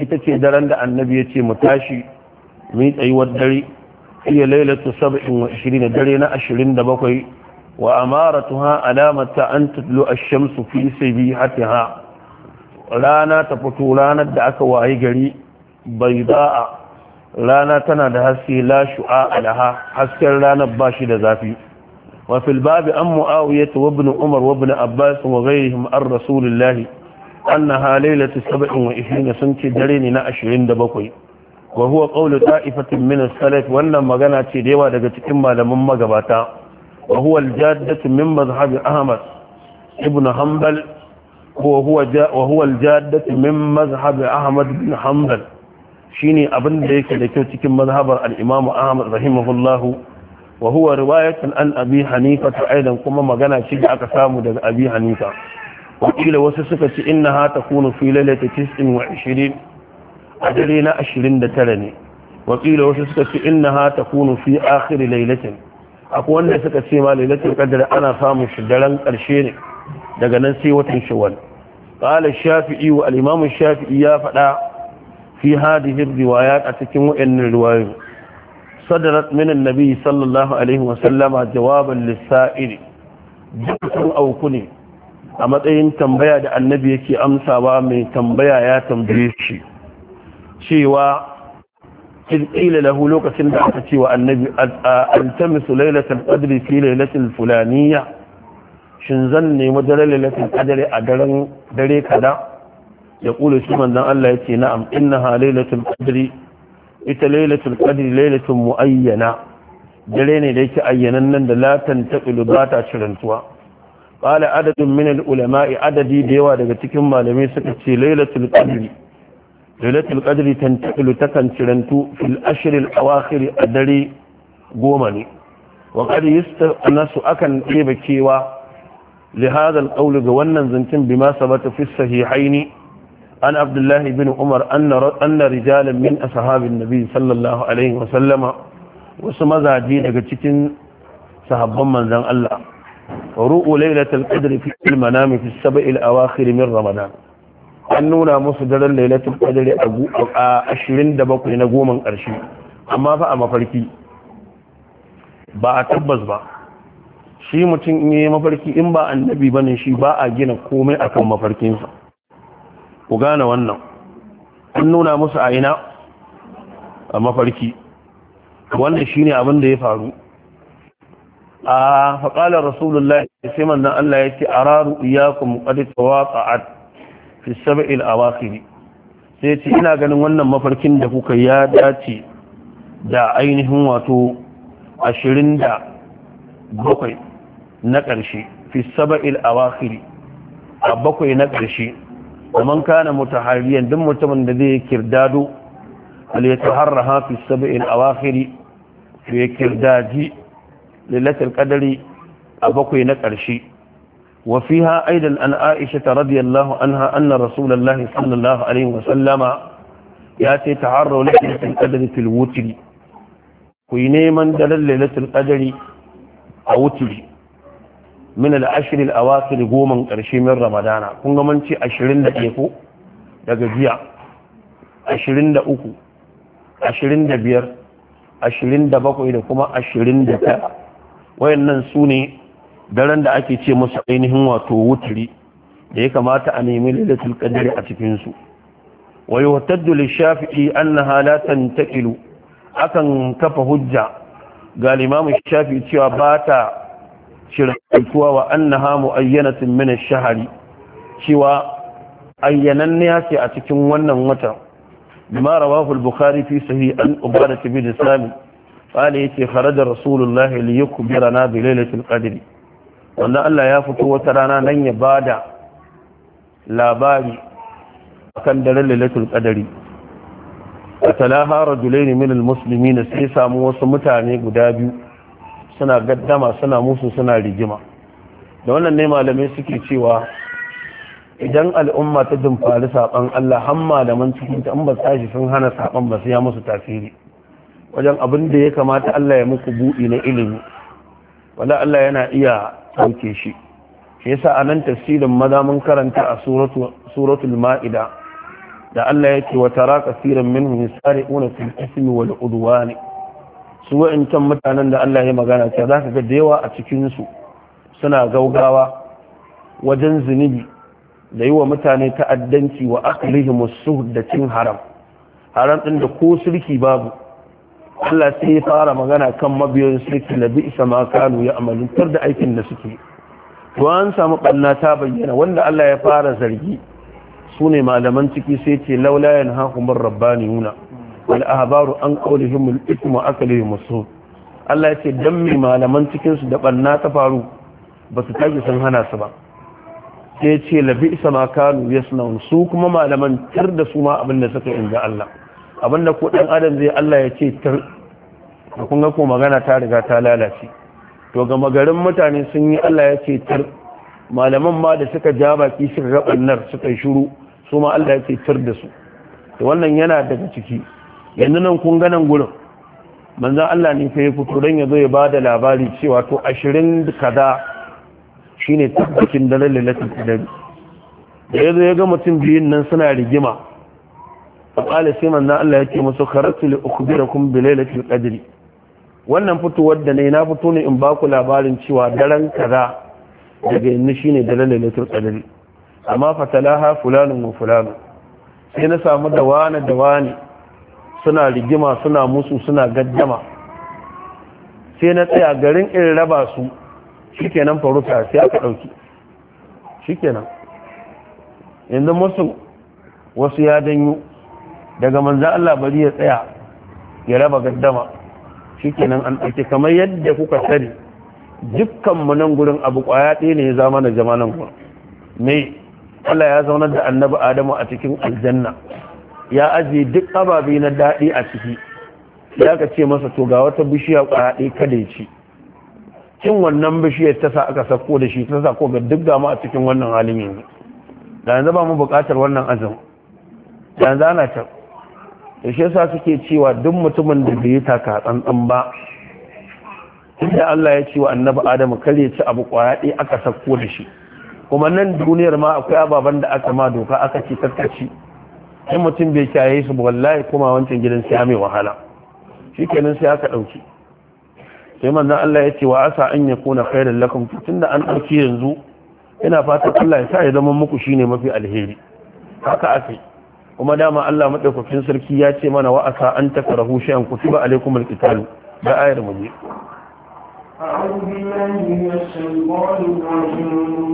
ita ce daren da annabi ya ce mu tashi mu yi tsayuwar dare iya lailatu saba'in wa ashirin da dare na ashirin da bakwai wa amaratuha alamata an tutlu ash-shamsu fi sabihatiha rana ta fito ranar da aka waye gari Bai baida'a rana tana da haske la shu'a alaha hasken ranar ba shi da zafi wa fil babi an mu'awiyah wa ibn umar wa ibn abbas wa ghayrihim ar rasulillahi أنها ليلة سبع وإشرين سنتي دريني نأشرين دبقوي وهو قول طائفة من السلف وأن مغانا تديوى لقد إما لمن مغباتا وهو الجادة من مذهب أحمد ابن حنبل وهو, جا وهو الجادة من مذهب أحمد بن حنبل شيني أبن ديك لكوتك مذهب الإمام أحمد رحمه الله وهو رواية عن أبي حنيفة أيضا كما مغانا تدعى كسام أبي حنيفة wakila wasu suka ci inna ha ta kunu fi lalata tis'in wa ashirin a dare na ashirin da tara ne wakila wasu suka ci inna ha ta kunu fi akhiri lailatin akwai wanda suka ce ma lailatul qadr ana samun shi daren karshe ne daga nan sai watan shawwal qala shafi'i wa al shafi'i ya faɗa fi hadhihi riwayat a cikin wayannan riwayoyi sadarat min an-nabi sallallahu alaihi wa sallama jawaban lis-sa'ili dukkan aukuni a matsayin tambaya da annabi yake amsawa mai tambaya ya tambaye shi cewa ƙila lahu lokacin da aka cewa annabi altamisu lailatul qadri fi lailatul fulaniya shin zan nemi dare lailatul qadri a daren dare kada ya kula shi manzon Allah yace na'am innaha lailatul qadri ita lailatul qadri lailatul muayyana dare ne da yake ayyanan nan da latan tantaqilu ba ta cirantuwa ƙala adadin minal ulama'i adadi da yawa daga cikin malamai suka ce lailatul qadri lailatul qadri tantakilu ta kan cirantu fil ashirin awakhir a dare goma ne wa qad yastanasu akan keba cewa li hadha al qawl ga wannan zancin bima sabata fi sahihain an Abdullahi bin umar anna anna rijalan min ashabin nabi sallallahu alaihi wa sallama wasu mazaje daga cikin sahabban manzon Allah ru'u lailatul qadr fi al-manami fi as-sab'i al-awakhir min ramadan an nuna musu daren lailatul qadr a 27 na goman karshe amma fa a mafarki ba a tabbas ba shi mutum in yi mafarki in ba annabi bane shi ba a gina komai akan mafarkinsa ku gane wannan an nuna musu a ina a mafarki wannan shine abin da ya faru a faƙalar rasulullah sai manzan Allah ya ce a raru iyakun ƙadi tawaqa'at fi sab'il awakhir sai ce ina ganin wannan mafarkin da kuka ya dace da ainihin wato ashirin da bakwai na ƙarshe fi sab'il a bakwai na ƙarshe kaman kana mutahariyan duk mutumin da zai kirdado al yataharraha fi ya awakhir fi kirdaji lailatul ƙadari a bakwai na ƙarshe Wafiha fiha aidan an aisha radiyallahu anha anna rasulullahi sallallahu alaihi sallama ya ce ta lailatul qadari fil wutri ku neman daren lailatul qadari a wutiri. min al-ashr al-awakhir goman ƙarshe min ramadana kun ga mun ce 20 da ko daga jiya 23 da kuma wayannan su ne daren da ake ce musu ainihin wato wutari da ya kamata a nemi lailatul qadri a cikin su wa yuhtaddu lishafi'i annaha la tantaqilu akan kafa hujja ga limamu shafi'i cewa ba ta shirkuwa wa annaha mu min ash-shahri cewa ayyanan ne a cikin wannan watan bima rawahu al-bukhari fi sahih an ubadatu bin sami qala yace kharaja rasulullahi li yukbirana bi lailatul qadr wanda Allah ya fito wata rana nan ya bada labari akan daren lailatul qadri fatalaha rajulaini min almuslimin sai samu wasu mutane guda biyu suna gaddama suna musu suna rigima da wannan ne malamai suke cewa idan al'umma ta dumfari saban Allah hamma da man cikin ta an ba tashi sun hana saban ba sai ya musu tasiri wajen abin da ya kamata Allah ya muku buɗi na ilimi wanda Allah yana iya ɗauke shi shi yasa a nan tafsirin maza mun karanta a suratul ma'ida da Allah yake wa tara kasiran minhum sun fil ismi wal udwani su wa'incan mutanen da Allah ya magana ta za ka ga da yawa a cikin su suna gaugawa wajen zunubi da yi wa mutane ta'addanci wa aklihim da cin haram haram ɗin da ko sulki babu Allah sai ya fara magana kan mabiyoyin sulki na bi isa ma kanu ya amalintar da aikin da suke to an samu ɓanna ta bayyana wanda Allah ya fara zargi Sune ne malaman ciki sai ce laula yan hakumar rabbaniyuna wal ahbaru an qawlihim al mu wa aklihim Allah ya ce dan mai malaman cikin su da ɓanna ta faru ba su tafi sun hana su ba sai ce labi isa ma kanu yasnaun su kuma malaman tar da su ma abin da suka inda Allah abinda ko dan adam zai Allah ya ce tar kun ga ko magana ta riga ta lalace to ga magarin mutane sun yi Allah ya ce tar malaman ma da suka ja baki suka ga bannar suka shiru su ma Allah ya ce tar da su to wannan yana daga ciki yanzu nan kun ga nan gurin manzon Allah ne sai ya fito dan ya zo ya bada labari cewa to 20 kaza shine tabbacin daren da yazo ya ga mutum biyun nan suna rigima faƙali sai manna Allah ya ce musu karatu li ukhbirakum bi lailatul qadri wannan fitowar da ne na fito ne in ba ku labarin cewa daren kaza daga yanzu shine da lailatul qadri amma fatalaha fulanin wa fulanun sai na samu da wani da wani suna rigima suna musu suna gaddama sai na tsaya garin in raba su shikenan faruka sai aka dauki shikenan yanzu musu wasu ya danyu. daga manzan Allah bari ya tsaya ya raba gaddama shikenan an ɗauke kamar yadda kuka sani dukkan nan gurin abu kwaya ɗaya ne ya zama na nan kuma. me Allah ya zaunar da annabi Adamu a cikin aljanna ya ajiye duk ababe na daɗi a ciki ya ka ce masa to ga wata bishiya kwaya ɗaya kada ci cin wannan bishiyar ta sa aka sako da shi ta sa ko ga duk gama a cikin wannan halin yanzu da yanzu ba mu buƙatar wannan azumi yanzu ana can da shi yasa suke cewa duk mutumin da bai taka tsantsan ba inda Allah ya ce wa annabi Adamu kare ci abu kwaya ɗaya aka sako da shi kuma nan duniyar ma akwai ababen da aka ma doka aka ce karkaci in mutum bai kiyaye su ba wallahi kuma wancan gidan sai mai wahala shikenan sai aka dauki sai manzo Allah ya ce wa asa an yakuna khairan lakum tunda an dauki yanzu ina fatan Allah ya sa ya zama muku shine mafi alheri haka aka kuma dama Allah madaukakin sarki ya ce mana wa asa an takrahu shay'an kutiba alaykumul qital da ayar mu je أعوذ بالله من الشيطان الرجيم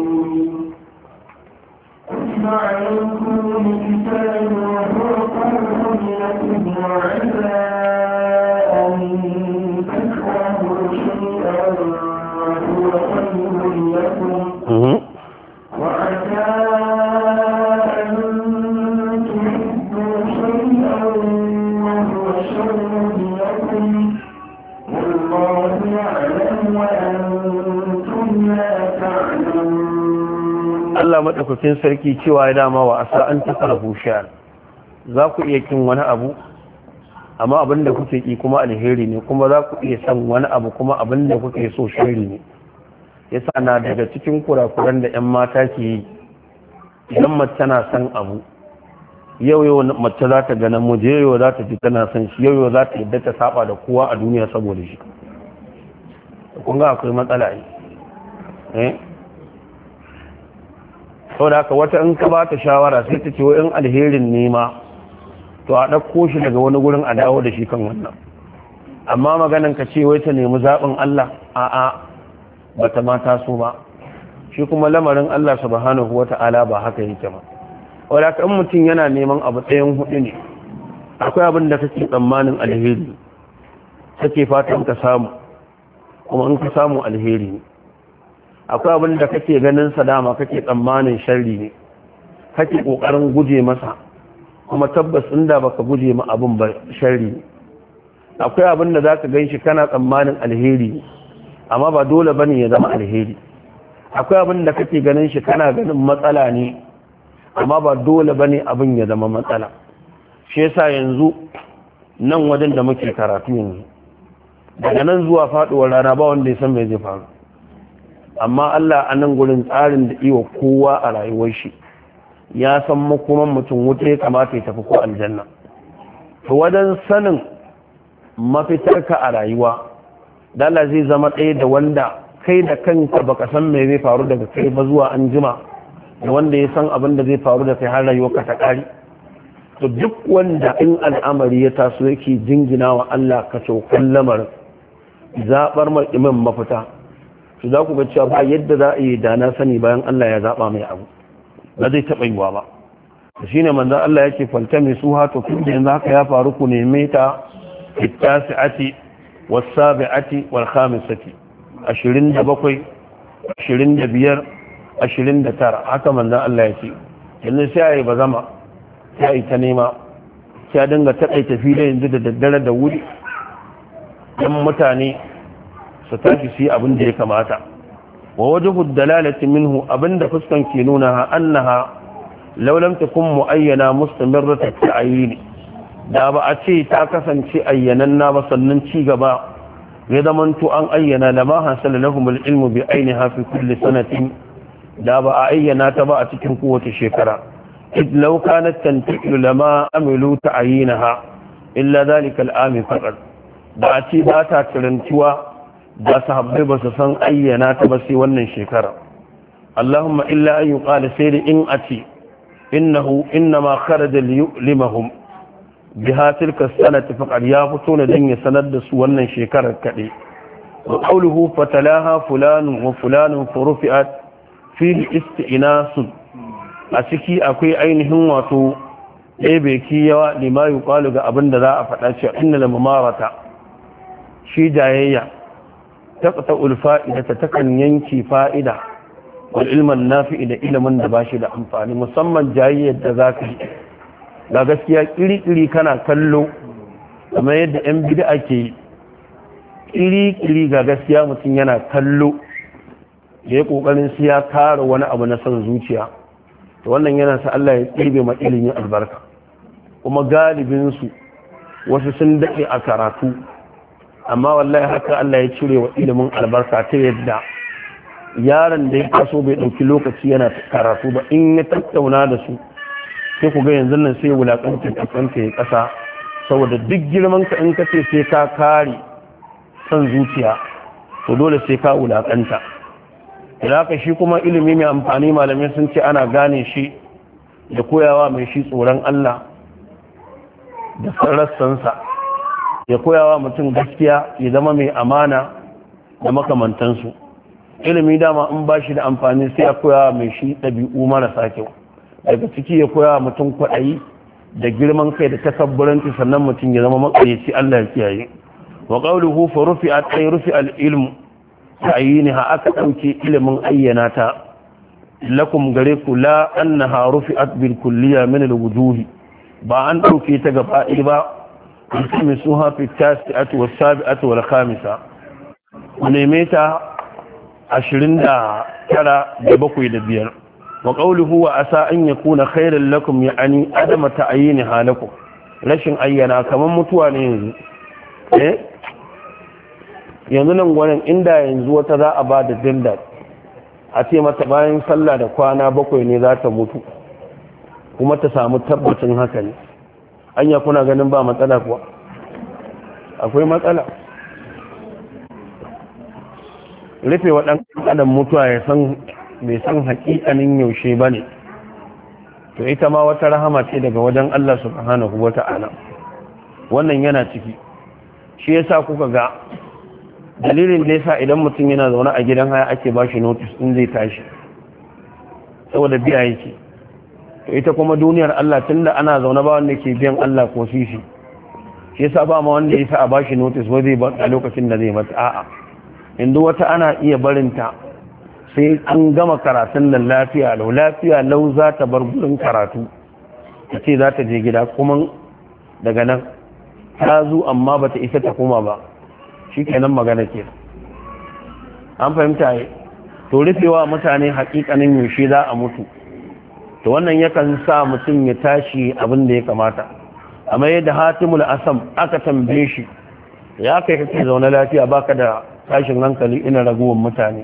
Allah maɗaukakin sarki cewa ya dama wa asa an tafa bushiyar za ku iya kin wani abu amma abinda kuke ƙi kuma alheri ne kuma za ku iya san wani abu kuma abinda kuke so shiri ne yasa na daga cikin kurakuran da 'yan mata ke yi idan mace tana son abu yau yau mace za ta ga namiji yau za ta ji tana son shi yau yau za ta yadda ta saba da kowa a duniya saboda shi kun ga akwai matsala ne Eh? sau da haka wata in ka ba ta shawara sai ta ce in alherin nema to a ɗauko shi daga wani gurin a dawo da shi kan wannan amma maganin ka ce wai ta nemi zaɓin Allah a'a ba ta mata so ba shi kuma lamarin Allah subhanahu wata'ala ba haka yake ba wadda ka in mutum yana neman abu ɗayan hudu ne akwai abin da kake tsammanin alheri kake fatan ka samu kuma in ka samu alheri ne akwai abin da kake ganin sa dama kake tsammanin sharri ne kake kokarin guje masa kuma tabbas inda baka guje ma abin ba sharri ne akwai abin da zaka ganshi kana tsammanin alheri amma ba dole bane ya zama alheri akwai abin da kake ganin shi kana ganin matsala ne amma ba dole bane abin ya zama matsala shi yasa yanzu nan wajen da muke karatu yanzu daga nan zuwa faduwar rana ba wanda ya san me zai faru amma Allah a nan gurin tsarin da iwa kowa a rayuwar shi ya san makoman mutum wuce ya kamata ya tafi ko aljanna to wajen sanin mafitarka a rayuwa dala zai zama ɗaya da wanda kai da kanka baka san me zai faru daga kai ba zuwa an jima da wanda ya san abin da zai faru da kai har rayuwarka ta ƙari to duk wanda in al'amari ya taso yake jingina wa Allah ka cokon lamarin zaɓar mai mafita to za ku ga cewa ba yadda za a yi da na sani bayan Allah ya zaba mai abu ba zai taɓa yiwa ba shi ne manzan Allah ya ce falta mai suha to kuma yanzu haka ya faru ku neme ta ittasi'ati ati wal khamisati 27 25 29 haka manzan Allah ya ce yanzu sai ayi bazama sai ta nema sai dinga taƙaita filin yanzu da daddare da wuri dan mutane su tashi shi abin da ya kamata wa da dalalati minhu abinda fuskan ke nuna annaha law lam takun ta mustamirrata ne. da ba a ce ta kasance ayyananna ba sannan ci gaba ya zamanto an ayyana lama hasala lahum al-ilmu bi ainiha fi kulli sanatin da ba a ayyana ta ba a cikin kowace shekara id law kanat tantiqu lama amilu ha. illa dhalika al-ami faqat da a ce ba ta tirantuwa su su ba su san ayyana ta ba sai wannan shekara Allahumma illa an yuqala sai da in a ati innahu innama da limahum biha tilka sanata faqad ya fito ne dan ya sanar da su wannan shekarar kaɗe wa qawluhu fatalaha fulanin wa fulan furfi'at fi sun. a ciki akwai ainihin wato ɗebe kiyawa lima yuqalu ga abin da za a faɗa cewa da mumarata shi jayayya fa’ida ta takan yanki fa'ida wal ilman nafi'i da ilimin da bashi da amfani musamman jayyar da zaka yi ga gaskiya kiri-kiri kana kallo kamar yadda yan bid'a ke kiri-kiri ga gaskiya mutum yana kallo da ya kokarin su ya kare wani abu na son zuciya to wannan yana sa Allah ya tsirbe ma ilimin albarka kuma galibinsu wasu sun daɗe a karatu amma wallahi haka Allah ya cire wa ilimin albarka ta yadda yaron da ya kaso bai ɗauki lokaci yana karatu ba in ya tattauna da su sai ku ga yanzu nan sai wulaƙanta ya ƙasa saboda duk girman ka in ka ce sai ka kare san zuciya to dole sai ka wulaƙanta ilaka shi kuma ilimi mai amfani malamai sun ce ana gane shi da koyawa mai shi tsoron Allah da sansa. ya koyawa mutum gaskiya ya zama mai amana da makamantansu ilimi dama in ba shi da amfani sai ya koyawa mai shi ɗabi'u marasa kyau daga ciki ya koyawa mutum kwaɗayi da girman kai da takabburanci sannan mutum ya zama makayyaci Allah ya kiyaye wa qawluhu fa rufi'at ay rufi'al ilmu ta'yinha aka ɗauke ilimin ayyana ta lakum gare ku la annaha rufi'at bil kulliya min al ba an ɗauke ta gaba ba التمسوها في التاسعة والسابعة والخامسة ونميتا عشرين دا ترى ببقوي لبير وقوله هو أسى أن يكون خيرا لكم يعني عدم تعيينها لكم لشن ayyana kamar mutuwa ne yanzu yanzu nan gwanin inda yanzu wata za a ba da dindar a ce mata bayan sallah da kwana bakwai ne za ta mutu kuma ta samu tabbacin haka ne anya kuna ganin ba matsala kuwa akwai matsala rufe waɗan ɗanɗan mutuwa ya san bai san haƙiƙanin yaushe ba ne to ita ma wata rahama ce daga wajen Allah ku wata ana wannan yana ciki shi ya sa kuka ga dalilin da sa idan mutum yana zaune a gidan haya ake ba shi notis in zai tashi saboda biya yake to ita kuma duniyar Allah tunda ana zaune ba wanda ke biyan Allah ko sisi shi sa ba ma wanda ya sa a bashi notice ba zai a lokacin da zai mata a'a inda wata ana iya barinta sai an gama karatun nan lafiya lau lafiya lau za ta bar gudun karatu ta ce za ta je gida kuma daga nan ta zo amma ba ta isa ta koma ba shi kenan magana ke an fahimta yi to rufewa mutane hakikanin yaushe za a mutu to wannan yakan sa mutum ya tashi abin da ya kamata amma yadda hatimul asam aka tambaye shi ya kai kake zaune lafiya baka da tashin hankali ina raguwan mutane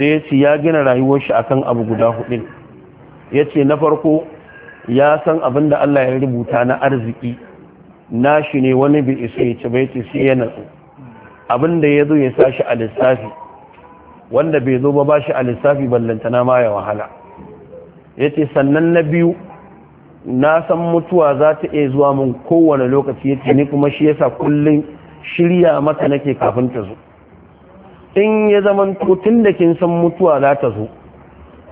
sai ya ya gina rayuwar shi akan abu guda hudu yace na farko ya san abin da Allah ya rubuta na arziki na shi ne wani bi isa ya ci bai sai ya natsu abin da ya zo ya sashi a lissafi wanda bai zo ba ba shi a lissafi ballantana ma ya wahala ya ce sannan na biyu na san mutuwa za ta iya zuwa min kowane lokaci ya ce ni kuma shi yasa kullum shirya mata nake kafin ta zo in ya zama tutun da kin san mutuwa za ta zo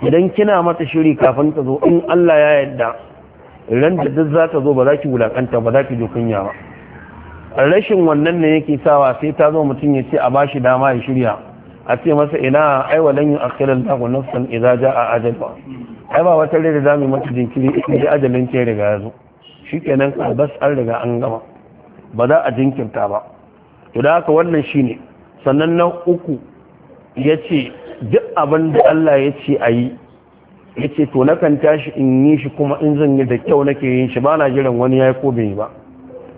idan kina mata shiri kafin ta zo in Allah ya yadda ran da duk za ta zo ba za ki wulakanta ba za ki ji ba rashin wannan ne yake sawa sai ta zo mutum ya ce a ba shi dama ya shirya a ce masa ina ai walan yu akhira Allahu nafsan idza a ajaluha ai ba wata rai da za mu yi mata jinkiri in ji ajalin ke riga ya zo shi kenan albas an riga an gama ba za a jinkirta ba to da haka wannan shi ne sannan na uku ya ce duk abin da Allah ya ce a yi ya ce to nakan tashi in yi shi kuma in zan yi da kyau nake yin shi ba na jiran wani ya yi ko bai yi ba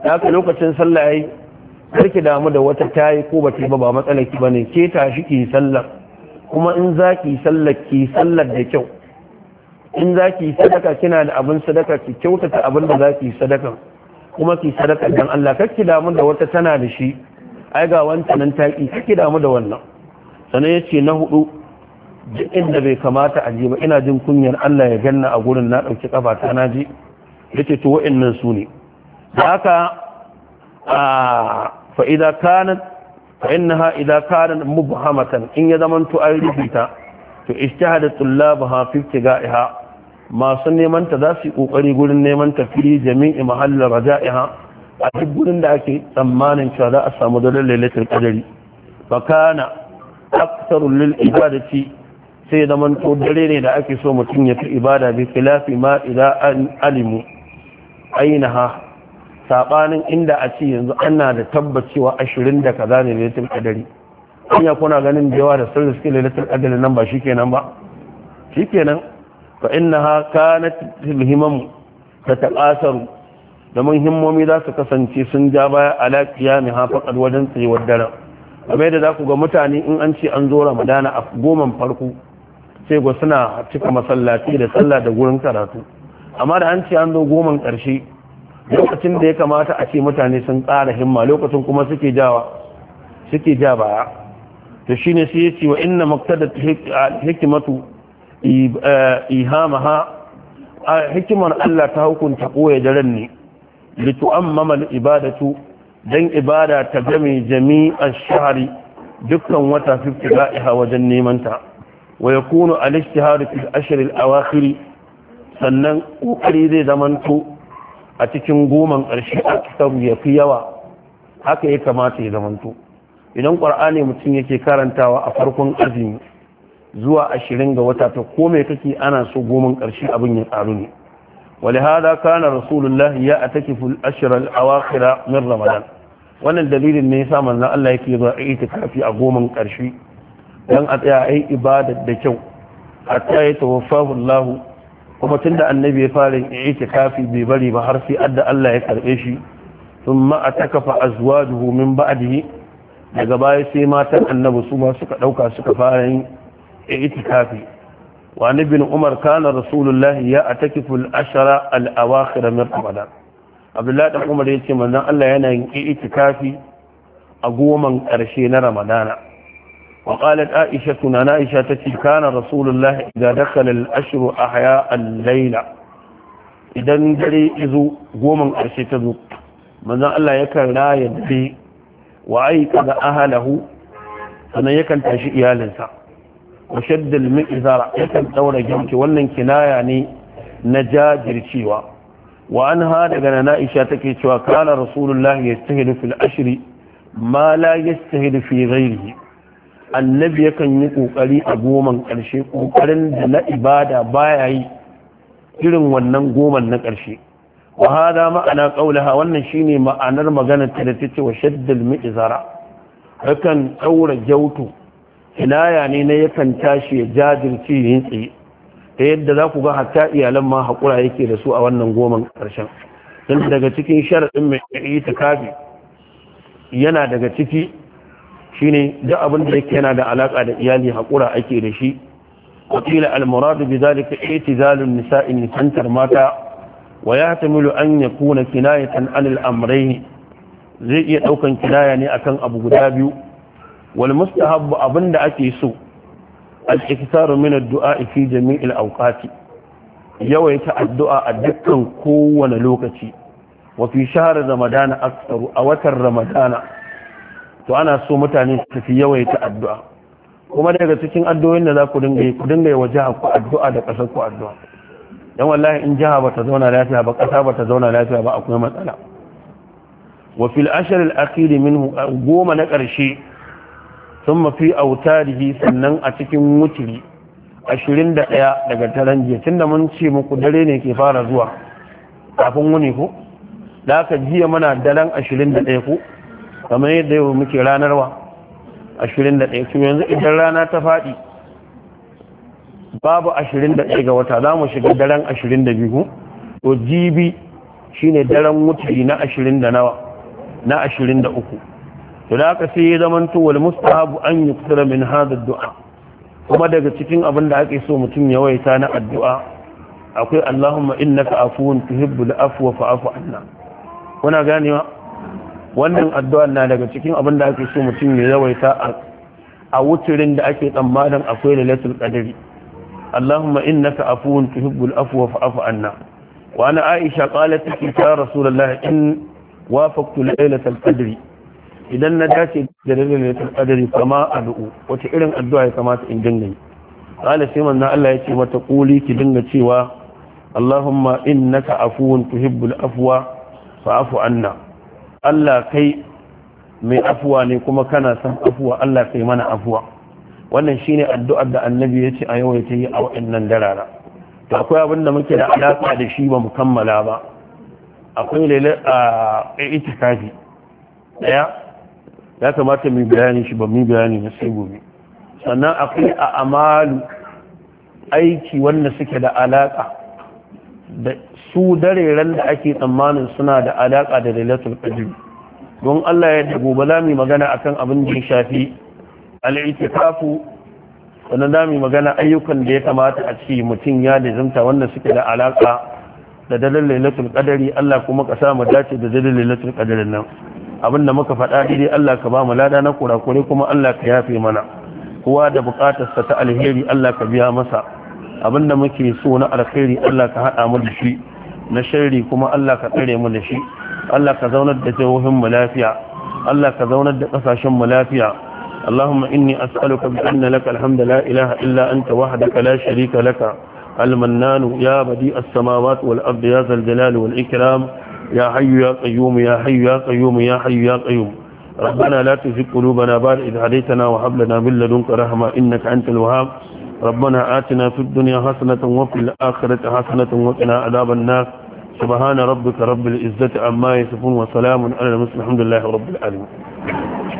da haka lokacin sallah ya yi karki damu da wata tayi ko ba ta ba ba matsalaki ba ne ke tashi ki sallar kuma in za ki sallar ki sallar da kyau in za ki yi sadaka kina da abin sadaka ki kyautata abin da za ki yi sadaka kuma ki sadaka dan Allah ki damu da wata tana da shi ai ga wanta nan ta ki kake damu da wannan sannan yace na hudu duk inda bai kamata a je ba ina jin kunyar Allah ya ganna a gurin na dauki kafa ta na ji, yace to wa'annan su ne haka a fa idza kanat fa innaha idza kanat mubhamatan in ya zamanto an rubuta to ijtahadat tullabaha fi masu neman ta za su yi kokari gurin neman ta fili jami'i mahallar raja'iha a duk gurin da ake tsammanin cewa za a samu dalar kadari qadari fa kana aktharu lil ibadati sai da manto dare ne da ake so mutum ya fi ibada bi filafi ma ida an alimu ainiha sabanin inda a ce yanzu ana da tabbacewa ashirin da kaza ne lalatar kadari kun ya kuna ganin da yawa da sirri suke nan ba shikenan ba shikenan فإنها كانت الهمم kasance sun ja baya سكسنتي سنجابا على قيامها فقد وجنتي والدرع kamar da za ku ga mutane in an ce an zo ramadana a goman farko sai ga suna cika masallaci da sallah da gurin karatu amma da an ce an zo goman karshe lokacin da ya kamata a ce mutane sun tsara himma lokacin kuma suke jawa suke ja baya to shine sai ya ce wa inna maqtadat hikmatu Eh, ihamaha a hikimar Allah ta hukunta koya daren ne litu'ammama al-ibadatu dan ibada ta game jami'an shahar dukkan wata fi ibtida'iha wajen neman ta kunu yakunu al-ijtihad fi al-ashr al sannan kokari zai zamanto a cikin goman ƙarshe a kitabu ya fi yawa haka ya kamata ya zamanto idan ƙwar'ani mutum yake karantawa a farkon azumi zuwa ashirin ga wata ta kome kake ana so goman ƙarshe abin ya ƙaru ne ولهذا كان رسول الله يأتكف الأشهر الأواخر min Ramadan? wannan dalilin ne yasa manzon Allah yake zuwa a itikafi a goman ƙarshe dan a tsaya yi ibada da kyau hatta ya tawaffahu Allah kuma da annabi ya fara kafi bai bari ba har sai adda Allah ya karɓe shi thumma atakafa azwajuhu min ba'dihi daga baya sai matan annabi su ma suka ɗauka suka fara yin itikafi wa bin umar kana rasulullah ya atakifu al-ashara al-awakhir min ramadan abdullahi dan umar yace manzon Allah yana yin itikafi a goman karshe na ramadana wa qalat aisha tunana aisha tace kana rasulullah idza dakhala al-ashru ahya al-layla idan dare izo goman karshe ta zo manzon Allah yakan raya dare wa aika da ahalahu sannan yakan tashi iyalinsa wa shaddal mi'zara yakan daura jamki wannan kinaya ne na jajircewa wa anha daga na Aisha take cewa kana rasulullahi yastahidu fil ashri ma la yastahidu fi ghairihi annabi yakan yi kokari a goman karshe kokarin da na ibada baya yi irin wannan goman na karshe wa ma'ana qaulaha wannan shine ma'anar maganar ta da tace wa shaddal mi'zara yakan daura jautu kinaya ne na yakan tashi ya jajirce yin tsaye ta yadda za ku ga hatta iyalan ma haƙura yake da su a wannan goman ƙarshen don daga cikin sharaɗin mai yi ta kafi yana daga ciki shi ne duk abin da yake yana da alaƙa da iyali haƙura ake da shi zalun nisantar bi wa ya ta اعتزال an ya kuna kinayatan أن يكون zai iya ɗaukan kinaya ne akan abu guda biyu. wal mustahabbu abinda ake so al-iktaru min ad fi jami'il awqati yawaita addu'a a dukkan kowane lokaci wa fi shahr ramadana aktsaru a watan ramadana to ana so mutane su fi yawaita addu'a kuma daga cikin addu'o'in da za ku dinga yi ku dinga yi wa jiha ku addu'a da ƙasar ku addu'a dan wallahi in jiha bata zauna lafiya ba ƙasa bata zauna lafiya ba akwai matsala wa fil ashr al minhu goma na ƙarshe sun mafi autarihi sannan a cikin mutiri ashirin da ɗaya daga taron jiya tun mun ce muku dare ne ke fara zuwa kafin wuni ku da aka jiya mana daren ashirin da ɗaya ku kamar yadda yau muke ranarwa ashirin da ɗaya yanzu idan rana ta faɗi babu ashirin da ɗaya ga wata za mu shiga daren ashirin da biyu to jibi shine daren mutiri na ashirin da nawa na ashirin da uku to da aka sai ya zamanto wal mustahabu an kusura min hada du'a kuma daga cikin abin da ake so mutum ya waita na addu'a akwai Allahumma innaka afuwun tuhibbul afwa fa'fu anna kuna ganewa wannan addu'a na daga cikin abin da ake so mutum ya yawaita a wuturin da ake tsammanin akwai lailatul qadri Allahumma innaka afuwun tuhibbul afwa fa'fu anna wa ana Aisha qalat ta rasulullahi in wafaqtu lailatul qadri idan na dace da lailatul kadari kama addu'u wace irin addu'a ya kamata in dinga yi qala sai manzo Allah ya ce mata quli ki dinga cewa Allahumma innaka afuwun tuhibbul afwa fa'fu anna Allah kai mai afuwa ne kuma kana san afuwa Allah kai mana afuwa wannan shine addu'ar da annabi ya ce a yau ya yi a wa'annan darara to akwai abin da muke da alaka da shi ba mu kammala ba akwai lele a itikafi daya ya kamata mu bayani shi ba mu bayani na sai gobe sannan akwai a amalu aiki wanda suke da alaka da su dareren da ake tsammanin suna da alaka da lailatul qadr don Allah ya gobe za mu magana akan abin da ya shafi al-itikafu wannan da mu magana ayyukan da ya kamata a ce mutum ya da lazimta wanda suke da alaka da dalil qadari Allah kuma ka sa mu dace da dalil lailatul qadarin nan abinda muka faɗa daidai Allah ka bamu lada na kurakure kuma Allah ka yafe mana kowa da sa ta alheri Allah ka biya masa abinda muke so na alheri Allah ka haɗa mu da shi na sharri kuma Allah ka tsare mu da shi Allah ka zaunar da jihohin mu lafiya Allah ka zaunar da ƙasashen mu lafiya اللهم إني أسألك بأن لك الحمد لا إله إلا أنت وحدك لا شريك لك المنان يا بديء السماوات والأرض يا ذا الجلال والإكرام يا حي يا قيوم يا حي يا قيوم يا حي يا قيوم ربنا لا تزغ قلوبنا بعد إذ هديتنا وهب لنا من لدنك رحمة إنك أنت الوهاب ربنا آتنا في الدنيا حسنة وفي الآخرة حسنة وقنا عذاب النار سبحان ربك رب العزة عما يصفون وسلام على المسلمين الحمد لله رب العالمين